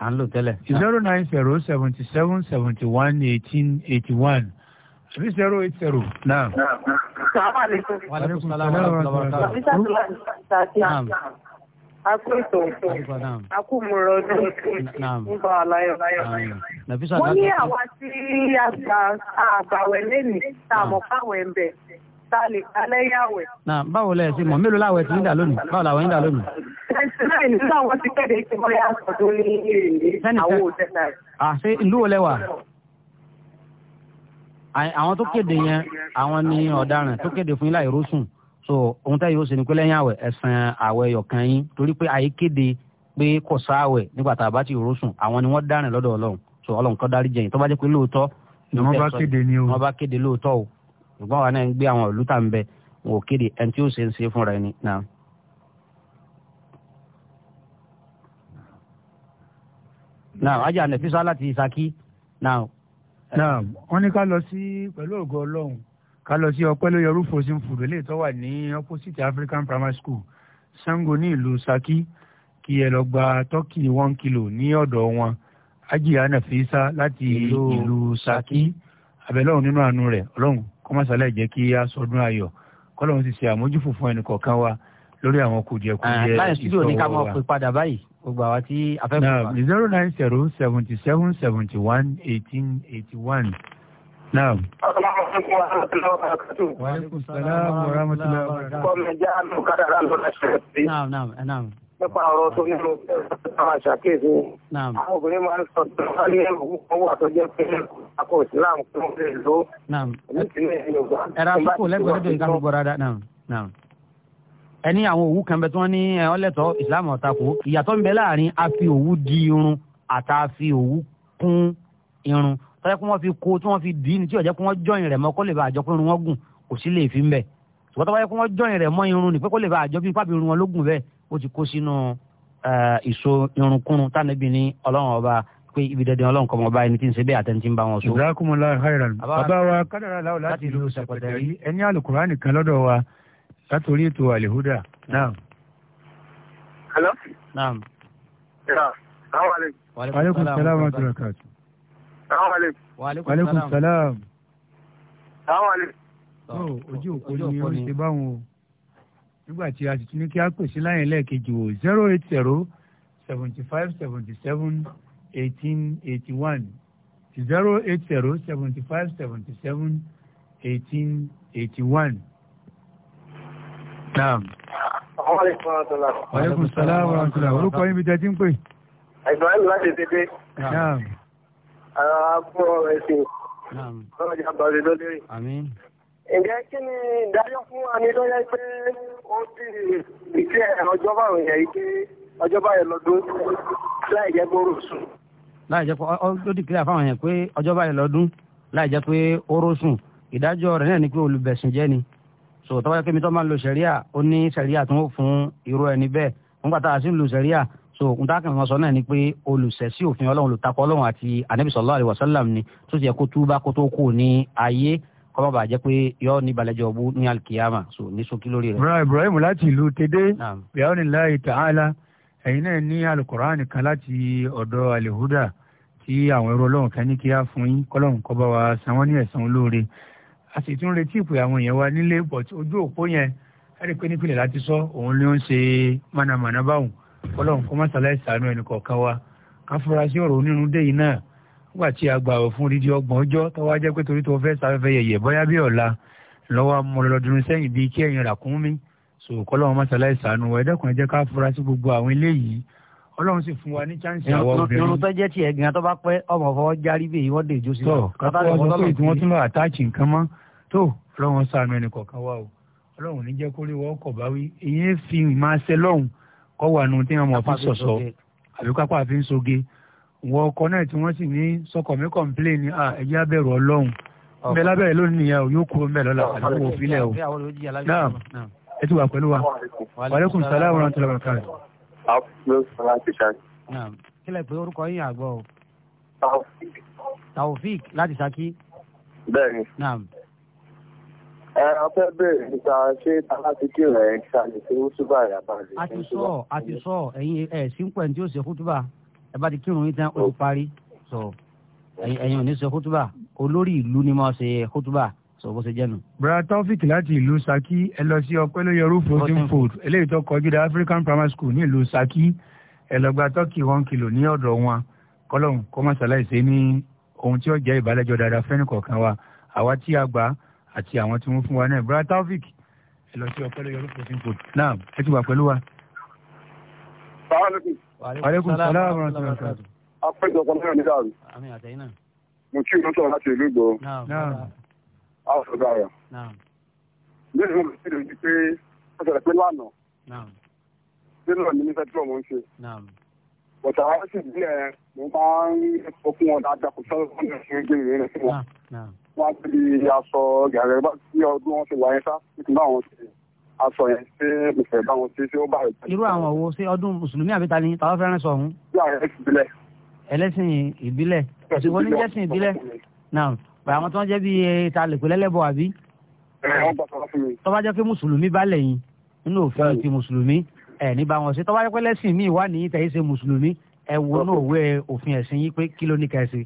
à ń lò tẹ́lẹ̀. Ah. zero nine zero seventy seven seventy one eighteen eighty one àbí zero eight zero naam. salaamaleykum. waaleykum salaam wa rahmatulah. àbí sàtúlá ní sàtì àná. akú ètò akú mọ̀rọ̀ ọdún nípa àlàyé ọ̀láyọ̀. wọ́n ní àwa tí àgbàwẹ̀ lẹ́nìí tá a mọ̀ fáwọn ẹ̀ bẹ̀ tá a lè kalẹ́ yàwẹ̀. báwo lẹ ẹ ti mọ̀ mélòó láwẹ̀ ti ń dà lónìí báwo làwọn ń dà lónìí àṣé ìlú olẹ́wà àwọn tó kéde yẹn àwọn ni ọ̀daràn tó kéde fún ilá ìrósùn so ohun tẹ́ yóò ṣe ni pé lẹ́yìn àwẹ̀ ẹ̀sán àwẹ̀ yọ̀kan yín torí pé àyè kéde pé kò sáàwẹ̀ nígbà bá ti ìrósùn àwọn ni wọ́n dáràn lọ́dọ̀ ọlọ́run so ọlọ́run kọ́ dárí jẹ̀yìn tó bá jẹ́ pé lóòótọ́ wọ́n bá kéde o wọ́n bá kéde lóòótọ́ o ṣùgbọ́n àwa náà ń gbé àwọn ìlú tá ń bẹ wọn ò kéde ẹni tí ó ṣe ń ṣe fúnra ẹni náà. now ajá nẹfisa láti Ṣakí now eh. now wọ́n ní ká lọ sí pẹ̀lú ògo Ọlọ́run ká lọ sí ọpẹ́ ló yọrù fòsìn fùdó lè tó wà ní opposite African Primary School Sango ní ìlú Ṣakí kí ẹ lọ gba tọ́kì one kilo ní ọ̀dọ̀ wọn ajiya nafisa láti ìlú Ṣakí abẹ́lọ́run nínú àánú rẹ̀ Ọlọ́run kọ́másálẹ̀ jẹ́ kí a sọdún ayọ̀ kọ́lọ́run sì ṣe àmójúfò fún ẹnì kọ̀ọ̀kan wa lórí àwọn kùdìẹ̀kùdìẹ̀ ìṣòro eh, wa. láyé studio ní ká mọ̀ pé padà báyìí gbogbo àwa tí a fẹ́ fún wa. zero nine zero seventy seven seventy one eighteen eighty one. Naam. Wàlékún sàlám wa rahmatullahi wa barakatuh. Kọ́mi já àmì òkàdà rà lọ́dà ṣẹ̀fì. Naam naam naam. Nípa ọ̀rọ̀ tó nílò àwọn àṣàkéèsì. Naam. Àwọn obìnrin máa ń sọ pé wọ́n ní owó àtọ́jẹ́ pé akọ ìsìláàmù tó ń lè lò. Naam. Ẹ̀rọ àkókò lẹ́gbẹ̀ẹ́ lọ́dọ̀ ìgbà gbogbo rárá. Naam naam ẹni àwọn òwú kan bẹ tí wọ́n ní ọlẹ́tọ̀ islam ọ̀tako ìyàtọ̀ ń bẹ láàrin a fi òwú di irun àtà fi òwú kún irun tọ́jà pé wọ́n fi kó tí wọ́n fi dì í ní tí ọ̀jẹ́ pé wọ́n jọyìn rẹ̀ mọ́ kó lè bá àjọ pé irun wọn gùn kò sí lè fi ń bẹ̀ ṣùgbọ́n tọ́jà pé wọ́n jọyìn rẹ̀ mọ́ irun ní pé kó lè bá àjọ bí pápá irun wọn ló gùn bẹ́ẹ̀ ó ti kó sínú ìṣó irunkunrun tánàbí ní ọlọ́run ọba pé ibi dandan ọlọ́run kọ́mọ báyìí ní tí ń ṣe bẹ́ẹ̀ àtẹ̀ntì ń bá wọn so. ìdákùnmọ́ láì bàbá wa kádàrá láwọ̀ láti ìlú ṣàpàdé ẹni àlùkùránì látòrí ètò àlèhúdà náà. hello. naam. salaamu aleykum. waaleykum salaam wa rahmatulah. salaamu aleykum. waaleykum salaam. salaamu aleykum. Oh, oh, ojú òpó ni ó ṣe báwọn o nígbà tí a sì tún ní kí a pèsè láyìn lẹ́ẹ̀kejì o zero eight zero seventy five seventy seven eighteen eighty one zero eight zero seventy five seventy seven eighteen eighty one. Naam. Àwọn àlejò ọ̀rọ̀ tó lára. Wàlékún sàlámù àkùlà. Orúkọ yín bí jẹ́ jí ń pè. Ibrahim láti tètè. Naam. Àwọn agbó ọ̀rọ̀ ẹ̀sìn. Naam. Ọlọ́jà àbàrẹ̀ lólérí. Àmín. Ǹjẹ́ kí ni ìdájọ́ fún wa ní lọ́yẹ́ pé ó ti ìṣe ọjọ́ báwọn yẹn yìí pé ọjọ́ báyẹn lọ́dún láì jẹ́ gbòòrò sùn. Láì jẹ́ pé ó ti kílẹ̀ fáwọn láì jẹ́ pé ó ró Ìdájọ́ rẹ̀ náà ni pé olùbẹ̀sùn jẹ́ ni so tọ́wọ́ kí mi tọ́ máa lo sẹ̀ríà ó ní sẹ̀ríà tó ń fún irú ẹni bẹ́ẹ̀ nígbà tá a sì ń lo sẹ̀ríà so n ta kàn sọ náà ni pé olùsẹ̀sí òfin ọlọ́run olùtakọ̀ ọlọ́run àti anabi sallallahu alaihi wasallam ni tó ti yẹ kó túbá kó tó kù ní ayé kọ́mọ́ bàjẹ́ pé yọ ní balẹ̀jọ́ bú ní alikiyama so ní sókí lórí rẹ̀. bra ibrahim láti ìlú tèdè bíọ́nì láì tààlà ẹ̀yin náà ní alukọ̀ránì kan láti ọ̀dọ̀ alihuda tí àwọn ẹrú ọlọ́run kan ní kí á fún a sì tún retí ìpè àwọn èèyàn wa nílé but ojú òpó yẹn a rí i pé nípìnlẹ̀ láti sọ òun ló ń ṣe mànàmáná báwùn ọlọ́run kó mọ́sálá ìsànú ẹnì kọ̀ọ̀kan wa afurasí ọ̀rọ̀ onírun dé yìí náà nígbà tí a gbà wọ̀ fún odidi ọgbọ̀n ọjọ́ tó wá jẹ́ pé torí tó fẹ́ sáfẹ́fẹ́ yẹ̀yẹ̀ bóyá bí ọ̀la lọ́wọ́ amọ̀lọ́dún sẹ́yìn bíi kí ẹ̀yin ràkúnmí sòkòlọ́wọ́ mọ́sálá ìsànú ẹ̀dẹ́kùnrin jẹ́ ká gbogbo àwọn eléyìí ọlọ́run sì fún wa ní chance. irun tó jẹ́ tiẹ̀ gan tó bá pẹ́ ọmọ fọwọ́ járí bẹ́ẹ̀ yìí wọ́n dé ìjó sí i. tó kátó ọjọ́ pé tí wọ́n tún lọ àtàchì nǹkan mọ́ tó ọlọ́run ṣàánú ẹnì kọ̀ọ̀kan wa o ọlọ́run ní jẹ́ kó rí wọ́n kọ̀ báwí èyí fi máa ṣe lọ́hùn kọ́ wà nù tí wọ́n mọ̀ fi sọ̀sọ̀ àbí kápá àfi ń soge wọ ọkọ náà tí wọ́n sì ní sọkọ̀ mi kọ̀ǹpléènì à ẹ̀jẹ̀ abẹ́rù o yóò kú bẹ́ẹ̀ lọ́la àdúgbò òfin lẹ̀ o náà ẹ ti wà pẹ̀lú kílẹ̀ pé orúkọ yín àgbọ̀ o. taofik láti Ṣakí. bẹ́ẹ̀ni. naam. ẹ ọpẹ bẹ̀rẹ̀ nípa ṣé aláti kírun ẹ ṣàlẹ sí wúsùbà yàrá rẹ. a ti sọ a ti sọ ẹyin ẹ sínkù ẹni tí ó ṣe kútùbà ẹ bá ti kírun yín tán ó ti parí sọ ẹyin ò ní ṣe kútùbà olórí ìlú ni mo ṣe kútùbà sọ bó ṣe jẹ́ nu. brother taofik láti ìlú saki ẹ lọ sí ọpẹ́lóyè roof roofing food eléyìí tó kọjú african primary school ní ìlú saki ẹ lọ gba turkey one kilo ní ọ̀dọ̀ wọn kọ́lọ́hún kọ́mọ́sálàì ṣe ní ohun tí ó jẹ́ ìbálẹ́jọ́ dáadáa fẹ́ni kọ̀ọ̀kan wa àwa tí a gbà àti àwọn tí wọ́n fún wa náà brother ẹ lọ sí ọpẹ́lóyè roof roofing food náà ẹ ti wà pẹ̀lú wa. aleykum salaam wa rahmatulah. apẹjọpọ náà ní dáàbò. mo kí o lọ́tọ̀ láti ìlú ìgbò àwọn ọ̀gá rẹ̀. Bẹ́ẹ̀ni mo sì rí i pé ó ṣẹlẹ̀ pé lánàá. Bẹ́ẹ̀ni ni mi fẹ́ dúró mo ń ṣe. Bọ̀tà wá sì bílẹ̀ mo máa ń sọ fún wọn dáadáa kò sọ́dọ̀ fún mi ṣe gbèrè rẹ̀ sí wọn. Wọ́n á ti aṣọ gàrẹ́ bá sí ọdún wọn ṣe wà yẹn sá nítorí náà wọn ṣe aṣọ yẹn ṣé mo fẹ́ bá wọn ṣe ṣé ó bá rẹ̀ tẹ̀lé. Irú àwọn òwò ṣé ọdún Mùsùlùmí àbí ta ni tàwọn fẹ́ràn sọ ọ̀hún. Bí àwọn ẹlẹ́sìn ìbílẹ̀. Ẹlẹ́sìn ìbílẹ̀. Òṣìwọ́n ní jẹ́sìn ìbílẹ̀. Náà pé àwọn tó ń jẹ́ bí ta lè pé lẹ́lẹ́bọ̀ àbí. tọ́ba jẹ́ pé mùsùlùmí bá lẹ́yìn nínú òfin ti mùsùlùmí ẹ̀ ní bá wọn ṣe tọ́ba jẹ́ pé lẹ́sìn míì wà ní ìtẹ̀yí ṣe mùsùlùmí ẹ wo náà òwe òfin ẹ̀sìn yín pé kí ló ní ká ẹ ṣe.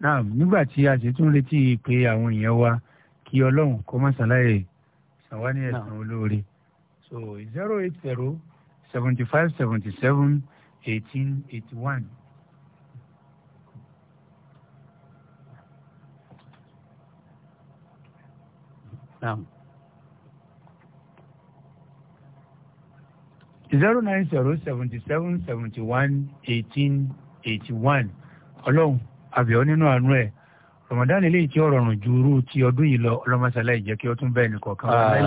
náà nígbà tí a sì tún retí pé àwọn èèyàn wa kí ọlọ́run kó má ṣàlàyé ṣàwá olóore so zero eight zero seventy five seventy seven. 1881. Now, zero nine zero seventy seven seventy one ọlọ́run àbẹ̀wò nínú àánú ẹ̀ ramadan eléyìí tí ó rọrùn ju irú ti ọdún yìí lọ ọlọ́mọṣáláì jẹ́ kí ó tún bẹ́ẹ̀ nìkan kan wáyé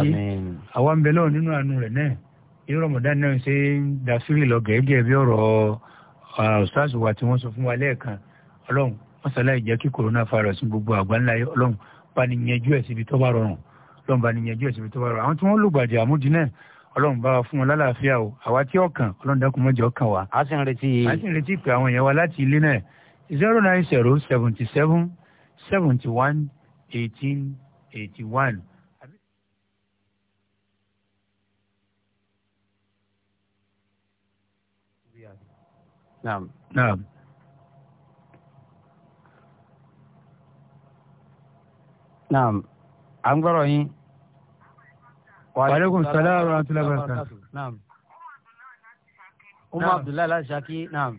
àwa ń bẹ lọ́wọ́ nínú àánú rẹ̀ náà irú ramadan náà ṣe ń da sórí lọ gẹ́gẹ́ bí ọ̀rọ̀ ọ̀sáàsù wa tí wọ́n sọ fún wa lẹ́ẹ̀kan ọlọ́run wọ́n ṣàlàyé jẹ́ kí corona virus gbogbo àgbáńlá ọlọ́run bá ní yanjú ẹ̀ síbi tó bá rọrùn ọlọ́run bá ní yanjú ẹ̀ síbi tó bá rọrùn àwọn tí wọ́n lùgbàdì àmúdínẹ́ ọlọ́run bá wa fún wọn lálàáfíà o àwa tí ọkàn ọlọ́run dákun mọ́jọ ọkàn wa. a retí. zero nine zero seventy seven seventy one eighteen eighty one Naam. Naam. Naam. À ń gbọ́rọ̀ yín. Wàlékún sálá ọ̀rọ̀ àti lábàtà. Naam. Umar Abdullahi láti Ṣakí. Naam.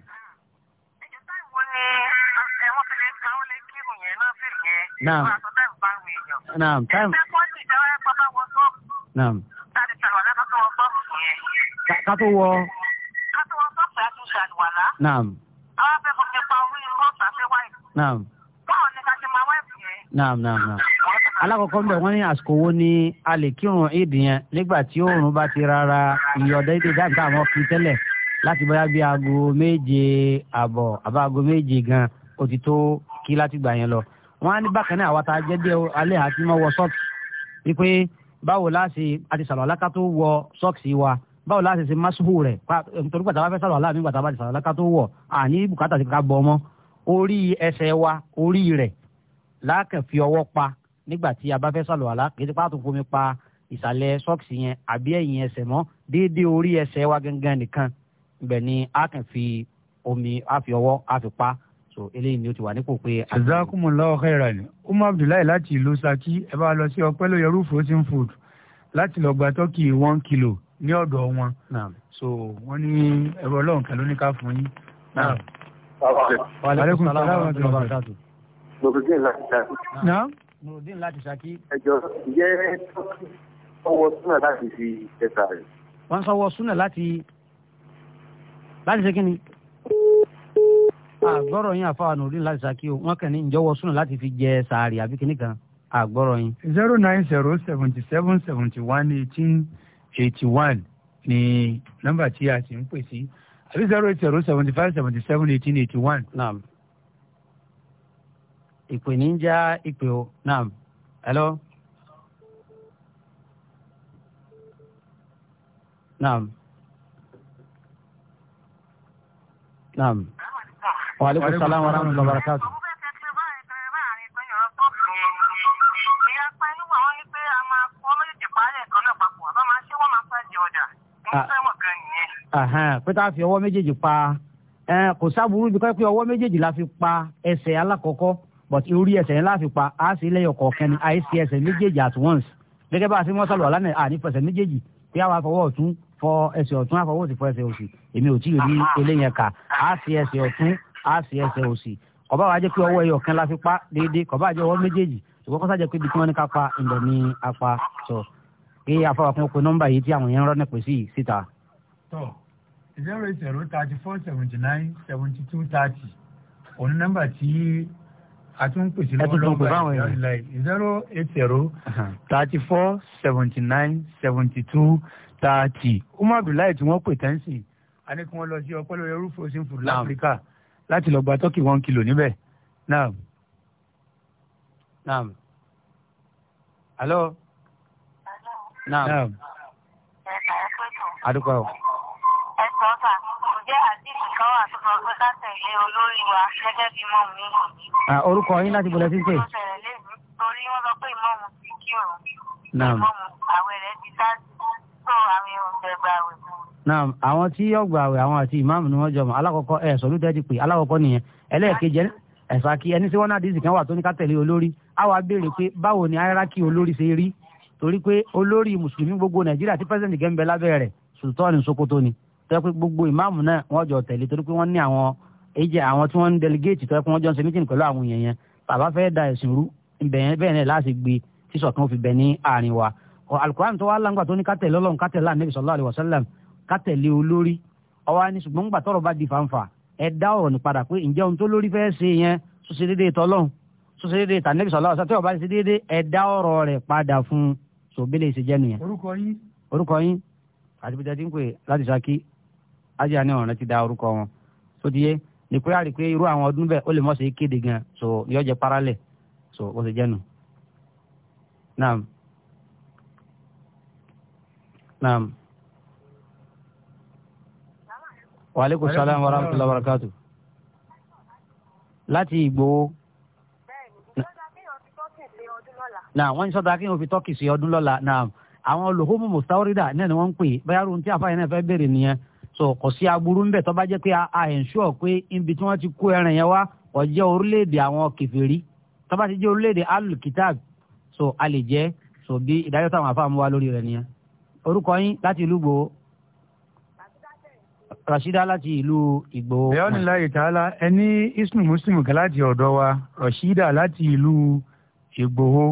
Naam. Naam. Táìmù. Naam. Ká tó wọ. Naam. Àwọn afẹ́ fún mi pa owó irú ọ̀sà fẹ́ wáyé. Naam. Báwo ni ká ṣe máa wá Naam naam naam. Alákọ̀ọ́kọ́ ń bẹ̀ wọ́n ní àsìkò wo ni a lè kírun ìdì yẹn nígbà tí oòrùn bá ti rárá ìyọ̀dẹ́ ìdè dáńtà àwọn fi tẹ́lẹ̀ láti bóyá bí aago méje àbọ̀ àbá aago méje gan ó ti tó kí láti lo yẹn lọ. Wọ́n á ní bákan náà àwa tá a jẹ́ díẹ̀ alẹ́ àti mọ́ wọ sọ́ọ̀kì wípé báwo láti àti sàlọ́ alákàtó wa báwo láti ṣe masuhu rẹ̀ eh, torí pàtàkì wàá fẹ́ sàlọ̀ aláàmì pàtàkì wàá sàlọ̀ ká tó wọ̀ àní bùkátà ti ká bọ ọmọ orí ẹsẹ̀ wa orí rẹ̀ láàkàn fi ọwọ́ pa nígbà tí a bá fẹ́ sàlọ̀ àlá kì í ti pàtó fomi pa ìsàlẹ̀ sọ́ọ̀kì yẹn àbí ẹ̀yìn ẹsẹ̀ mọ́ déédéé orí ẹsẹ̀ wa gangan nìkan ibẹ̀ ni a kàn fi omi a fi ọwọ́ a fi pa so eléyìí ni ó ti wà nípò pé. jazakumullahu khairan umu abdullahi láti ìlú Ṣakí ẹ bá lọ sí ọpẹ́ kilo ní ọ̀dọ̀ wọn so wọ́n ní ẹ̀rọ ọlọ́run kan ló ní ká fún yín. aleykum salaam wa rahmatulahi. nurudin láti ṣaki. nurudin láti ṣaki. ẹjọ jẹ ọwọ súnà láti fi ẹsà rẹ. wọn sọ ọwọ súnà láti láti ṣe kí ni àgbọ̀rọ̀ yín àfa ànúrí láti ṣàkí o wọ́n kàn ní ìjọwọ́ súnà láti fi jẹ sàárì àbí kìnnì kan àgbọ̀rọ̀ yín. zero nine zero seventy seven seventy one eighteen eighty one ni nọ́mbà tí a sì ń pè sí àbí zero eight zero seventy five seventy seven eighteen eighty one. naam ìpèníjà ìpè o naam hello. naam naam. wa aleykum salaam wa rahmatulah wa barakatuh. wọ́n ah. fẹ́ràn kan nìyẹn. pé tá a fi ọwọ́ méjèèjì pa eh, kò sábúrú bí pé ọwọ́ méjèèjì la fi pa ẹsẹ̀ alákọ̀ọ́kọ́ but orí ẹsẹ̀ yẹn la fi pa á sì lẹ́yọ̀ kọ̀ọ̀kan ni àìsí ẹsẹ̀ méjèèjì at once gẹ́gẹ́ bá a ṣe mọ́sálọ̀ alánà àní fẹsẹ̀ méjèèjì pé àwa fọwọ́ ọ̀tún fọ ẹsẹ̀ ọ̀tún àfọwọ́ òsì fọ ẹsẹ̀ òsì èmi ò tí ì rí eléyẹn kà á sì ẹsẹ̀ ọ̀tún á sì ẹsẹ̀ òsì kọ̀bá wa jẹ́ pé ọwọ́ ẹyọ kan la fi pa déédéé kọ̀bá jẹ́ ọwọ́ méjèèjì ṣùgbọ́n kọ́sá jẹ́ pé ibi tí wọ́n ní ká pa ìbẹ̀ ni a pa sọ. So, kí afọwọ́kùn pe nọ́mbà yìí tí àwọn yẹn ń rọ́ nípe sí síta. tọ zero eight zero thirty four seventy nine seventy two thirty òun nọ́mbà tí a tún pèsè lọ́wọ́ lọ́wọ́ báyìí zero eight zero thirty four seventy nine seventy two thirty. umar abdullahi tí wọ́n pè tẹ́ǹsì a ní kí wọ́n lọ sí ọpẹ́lọ ẹrú frozen food láfíríkà láti lọ gba tọ́kì one kilo níbẹ̀ náà. naam. alo náà. àdúgbò. ẹ sọ sà ǹjẹ́ àdìsí kan wà tó sọ pé ká tẹ̀lé olórí wa gẹ́gẹ́ bí mọ́ mi. orúkọ yín láti bọ̀lẹ́ sí pé. torí wọ́n sọ pé ìmọ̀ọ́mù ti kí òun. ìmọ̀ọ́mù àwẹ̀ rẹ̀ ti dá tó àwọn èèyàn gbẹgbẹ àwẹ̀ naam àwọn tí yóò gba àwẹ̀ àwọn àti ìmáàmù ni wọ́n jọ mọ̀ alákọ̀ọ́kọ́ ẹ̀ sọ̀rọ̀ tẹ́ ti pè alákọ̀ọ́kọ́ nìyẹn ẹlẹ́ẹ̀kejì ẹ̀sà kí ẹni tí wọ́n náà dìísì kan wà tó ní ká tẹ̀lé olórí á wàá pé báwo ni áyárákì olórí ṣe rí torí pé olórí mùsùlùmí gbogbo nàìjíríà tí pẹ́sẹ́ǹtì gẹ́ńbẹ́ lábẹ́ rẹ̀ sultan sokoto ni tọ́jú pé gbogbo ìmáàmù náà wọ́n jọ tẹ̀lé torí pé wọ́n ní àwọn ẹ̀jẹ̀ àwọn tí wọ́n ń delegate tọ́jú pé wọ́n jọ ń ṣe meeting pẹ̀lú àwọn èèyàn yẹn bàbá fẹ́ da ẹ̀sìn rú bẹ́ẹ̀ náà láti gbé tíṣọ̀ kan fi bẹ̀ ní àárín wa alukuran tó wá láǹgbà tó ní ká tẹ̀lé ọlọ́run ká tẹ̀lé ànábì sallallahu alaihi wasallam ká tẹ̀lé olórí ọwọ́ ni ṣùgbọ́n nígbà di fanfa ẹ dá ọ̀rọ̀ ní padà pé ǹjẹ́ ohun tó lórí fẹ́ ṣe yẹn sallallahu alaihi wasallam tẹ́wọ̀ bá ṣe déédéé ẹ so bẹ́lẹ̀ ṣe jẹ́ nìyẹn. orúkọ yín. orúkọ yín àti bíi jẹ́tí ń pè láti ṣákí ájá ní ọ̀ràn ti da orúkọ wọn tó ti yé ni àrí pé irú àwọn ọdún bẹ́ẹ̀ ó lè mọ̀ kéde gan so yóò jẹ́ paralẹ̀ so ó ṣe jẹ́ nù. naam naam. wa aleykum salaam wa rahmatulah wa barakatu. láti Ìgbòho. na wọ́n ń sọ́dọ̀ akéwìn òfin tọ́kì sí ọdún lọ́la náà àwọn olùhómù mùsáwórìdà náà ni wọ́n ń pè báyà rún tí àfáàyàn náà fẹ́ bèrè nìyẹn so kò sí aburú ńbẹ tó bá jẹ́ pé a ensure pé ibi tí wọ́n ti kó ẹran yẹn wá ó jẹ́ orílẹ̀-èdè àwọn kèfèrí tó bá ti jẹ́ orílẹ̀-èdè alukitab so a lè jẹ́ so bí ìdájọ́ táwọn afáàmù wa lórí rẹ̀ nìyẹn orúkọ yín láti ìlú gbòó Rashida láti ìlú Ìgbòho. Bẹ́ọ̀nìlá ìtàlá ẹni Ismu Muslim kan láti ọ̀dọ̀ wa, Rashida láti ìlú Ìgbòho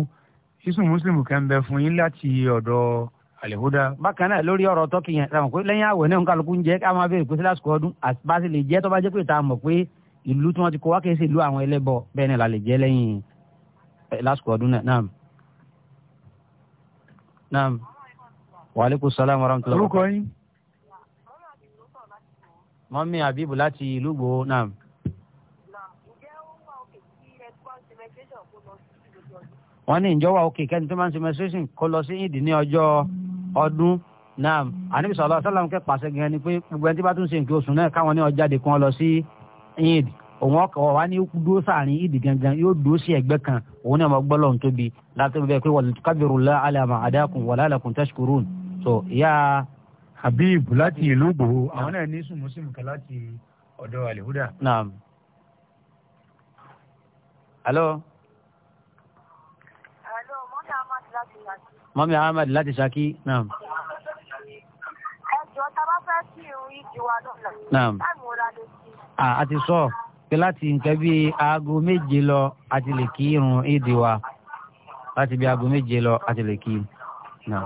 sísun mùsùlùmù kan bẹ fún yín láti ọ̀dọ̀ àlèhúdà. bákan náà lórí ọ̀rọ̀ tọ́kì yẹn ra mọ̀ pé lẹ́yìn àwẹ̀ náà kálukú ń jẹ́ ká máa bẹ̀rẹ̀ pé sílásìkò ọdún bá sì lè jẹ́ tó bá jẹ́ pé ta mọ̀ pé ìlú tí wọ́n ti kó wá kìí sí ìlú àwọn ẹlẹ́bọ bẹ́ẹ̀ ni la lè jẹ́ lẹ́yìn lásìkò ọdún náà. naam waaleykum salaam wa rahmatulah. orúkọ yín. mọ́mí àbíbù láti ìlú gbòó náà. wọ́n ní ìjọba òkè kẹ́ni tó máa ń ṣe menstruation kó lọ sí ìdí ní ọjọ́ ọdún náà àníbi sọ̀rọ̀ sálàm kẹ́ pàṣẹ gan ni pé gbogbo ẹni tí bá tún ṣe nǹkan oṣù náà káwọn ní ọjà dé kún ọ lọ sí ìdí òun ọkọ̀ wà ní dúró sáàrin ìdí gangan yóò dúró sí ẹ̀gbẹ́ kan òun náà mọ̀ gbọ́lọ̀ tóbi láti bẹ́ẹ̀ pé wọ́n kábírù lá alàmà àdákùn wọ́lá àlàkùn tashkurun so ìyá. Habib láti ìlú gbòho àwọn náà ní sùnmùsùnmù kan láti ọ̀dọ̀ àlèhúdà. naam. alo. mọ́mí ahmed láti ṣakí náà. ẹjọ́ tábà fẹ́ kí irun yìí ti wá lọ́nà. náà táìmù ra lè kí. a ti sọ pé láti nǹkan bíi aago méje lọ a ti lè kí irun ìdí wa láti bíi aago méje lọ a ti lè kí.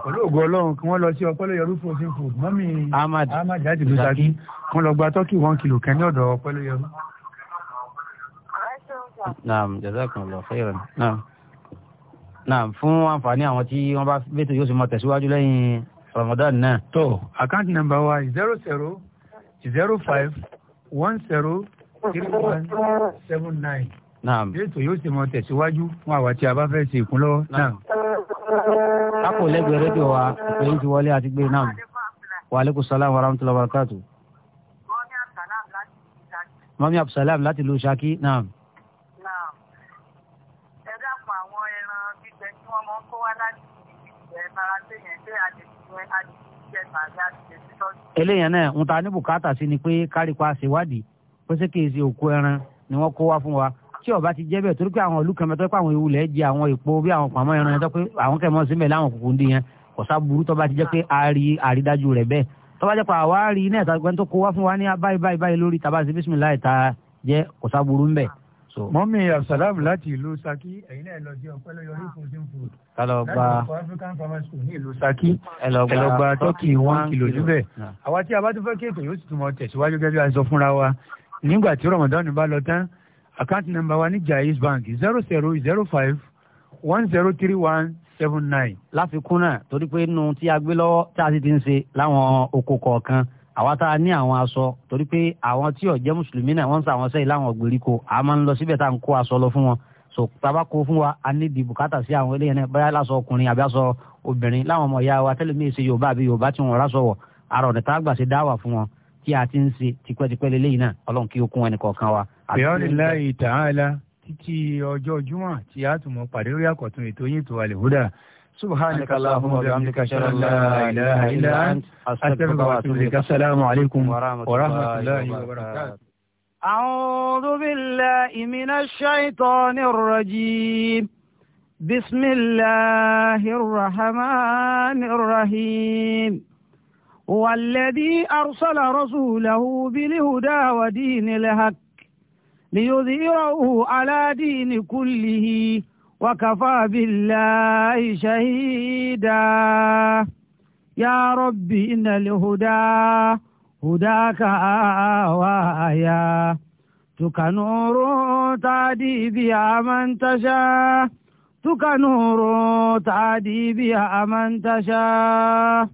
pẹ̀lú ọlọ́run kí wọ́n lọ sí ọpẹ́lẹ́ yẹrù fún òsín fún mọ́mí ahmed láti ló ṣakí kí wọ́n lọ gba tọ́kì one kìlò kẹ́ ní ọ̀dọ̀ ọpẹ́lẹ́ yẹrù. naam jazakumullahu khairan naam náà fún àǹfààní àwọn tí wọ́n bá bẹ́tò yóò sì máa tẹ̀síwájú lẹ́yìn Ramadan náà. tó account number wa zero zero zero five one zero three one seven nine. náà bẹ́tò yóò sì máa tẹ̀síwájú fún àwa tí a bá fẹ́ ṣe ìkúnlọ́wọ́ náà. a kò lẹ́gbẹ̀ẹ́ rédíò wa ìpè yìí ti wọlé àti gbé náà wa aleykum salaam wa rahmatulah wa barakatu. mọ́mí abdulsalam láti lu Ṣakí náà. eléyàn náà ń ta ní bùkátà sí ni pé kárípa ṣèwádìí pé ṣé kìí ṣe òkú ẹran ni wọ́n kó wá fún wa tí ọba ti jẹ́ bẹ́ẹ̀ torí pé àwọn ìlú kan mẹ́tọ́ pé àwọn ìwúlẹ̀ jẹ àwọn èpo bí àwọn pàmò ẹran ẹ̀tọ́ pé àwọn kẹ̀mọ́ síbẹ̀ láwọn kùkù ń dìyẹn ọ̀sá burú tọ́ba ti jẹ́ pé a rí àrídájú rẹ̀ bẹ́ẹ̀ tọ́ba jẹ́ pé àwa rí iná ẹ̀ta gbẹ́ntó kó wá fún wa ní báyìí báyìí lórí tàbá sí mọ́mí abdulsalam láti ìlú Ṣakí ẹ̀yin náà lọ sí ọ̀pẹ́lẹ́yọ ní frozen food ẹlọgba African Farmers School ní ìlú Ṣakí ẹlọgba tọ́kì one kìlò níbẹ̀ àwa tí a bá tún fẹ́ kéèké yóò sì tún mọ tẹ̀síwájú gẹ́gẹ́ bí a sọ fúnra wa nígbà tí Ramadan bá lọ tán àkáǹtì nàmbà wa ní Jaiz Bank zero zero zero five one zero three one seven nine. láfikún náà torí pé nù tí a gbé lọ́wọ́ tí a sì ti ń ṣe láwọn oko kọ̀ọ̀kan àwa tá a ní àwọn aṣọ torí pé àwọn tí ò jẹ́ mùsùlùmí náà wọ́n ń sa àwọn sẹ́yìn láwọn ìgbèríko a máa ń lọ síbẹ̀ tá à ń kó aṣọ lọ fún wọn so tábà kó fún wa a ní di bùkátà sí àwọn eléyìí náà báyà láṣọ ọkùnrin àbí aṣọ obìnrin láwọn ọmọ ìyá wa tẹ́lẹ̀ míì ṣe yorùbá àbí yorùbá tí wọ́n ráṣọ wọ̀ àrò ọ̀nà tá a gbà ṣe dáwà fún wọn tí a ti ń ṣe tipẹ́tipẹ́ lélẹ́yìí náà ọlọ́run la títí ọjọ́ júmọ̀ tí a tún mọ̀ pàdé orí àkọ́tún ètò yìí tó سبحانك اللهم وبحمدك اشهد ان لا اله الا انت استغفرك واتوب اليك السلام عليكم ورحمه الله وبركاته اعوذ بالله من الشيطان الرجيم بسم الله الرحمن الرحيم والذي أرسل رسوله بالهدى ودين الهك ليظهره على دين كله وكفى بالله شهيدا يا رب إن الهدى هداك آوايا تك نور تعدي بها من تشاء تك نور تعدي بها من تشاء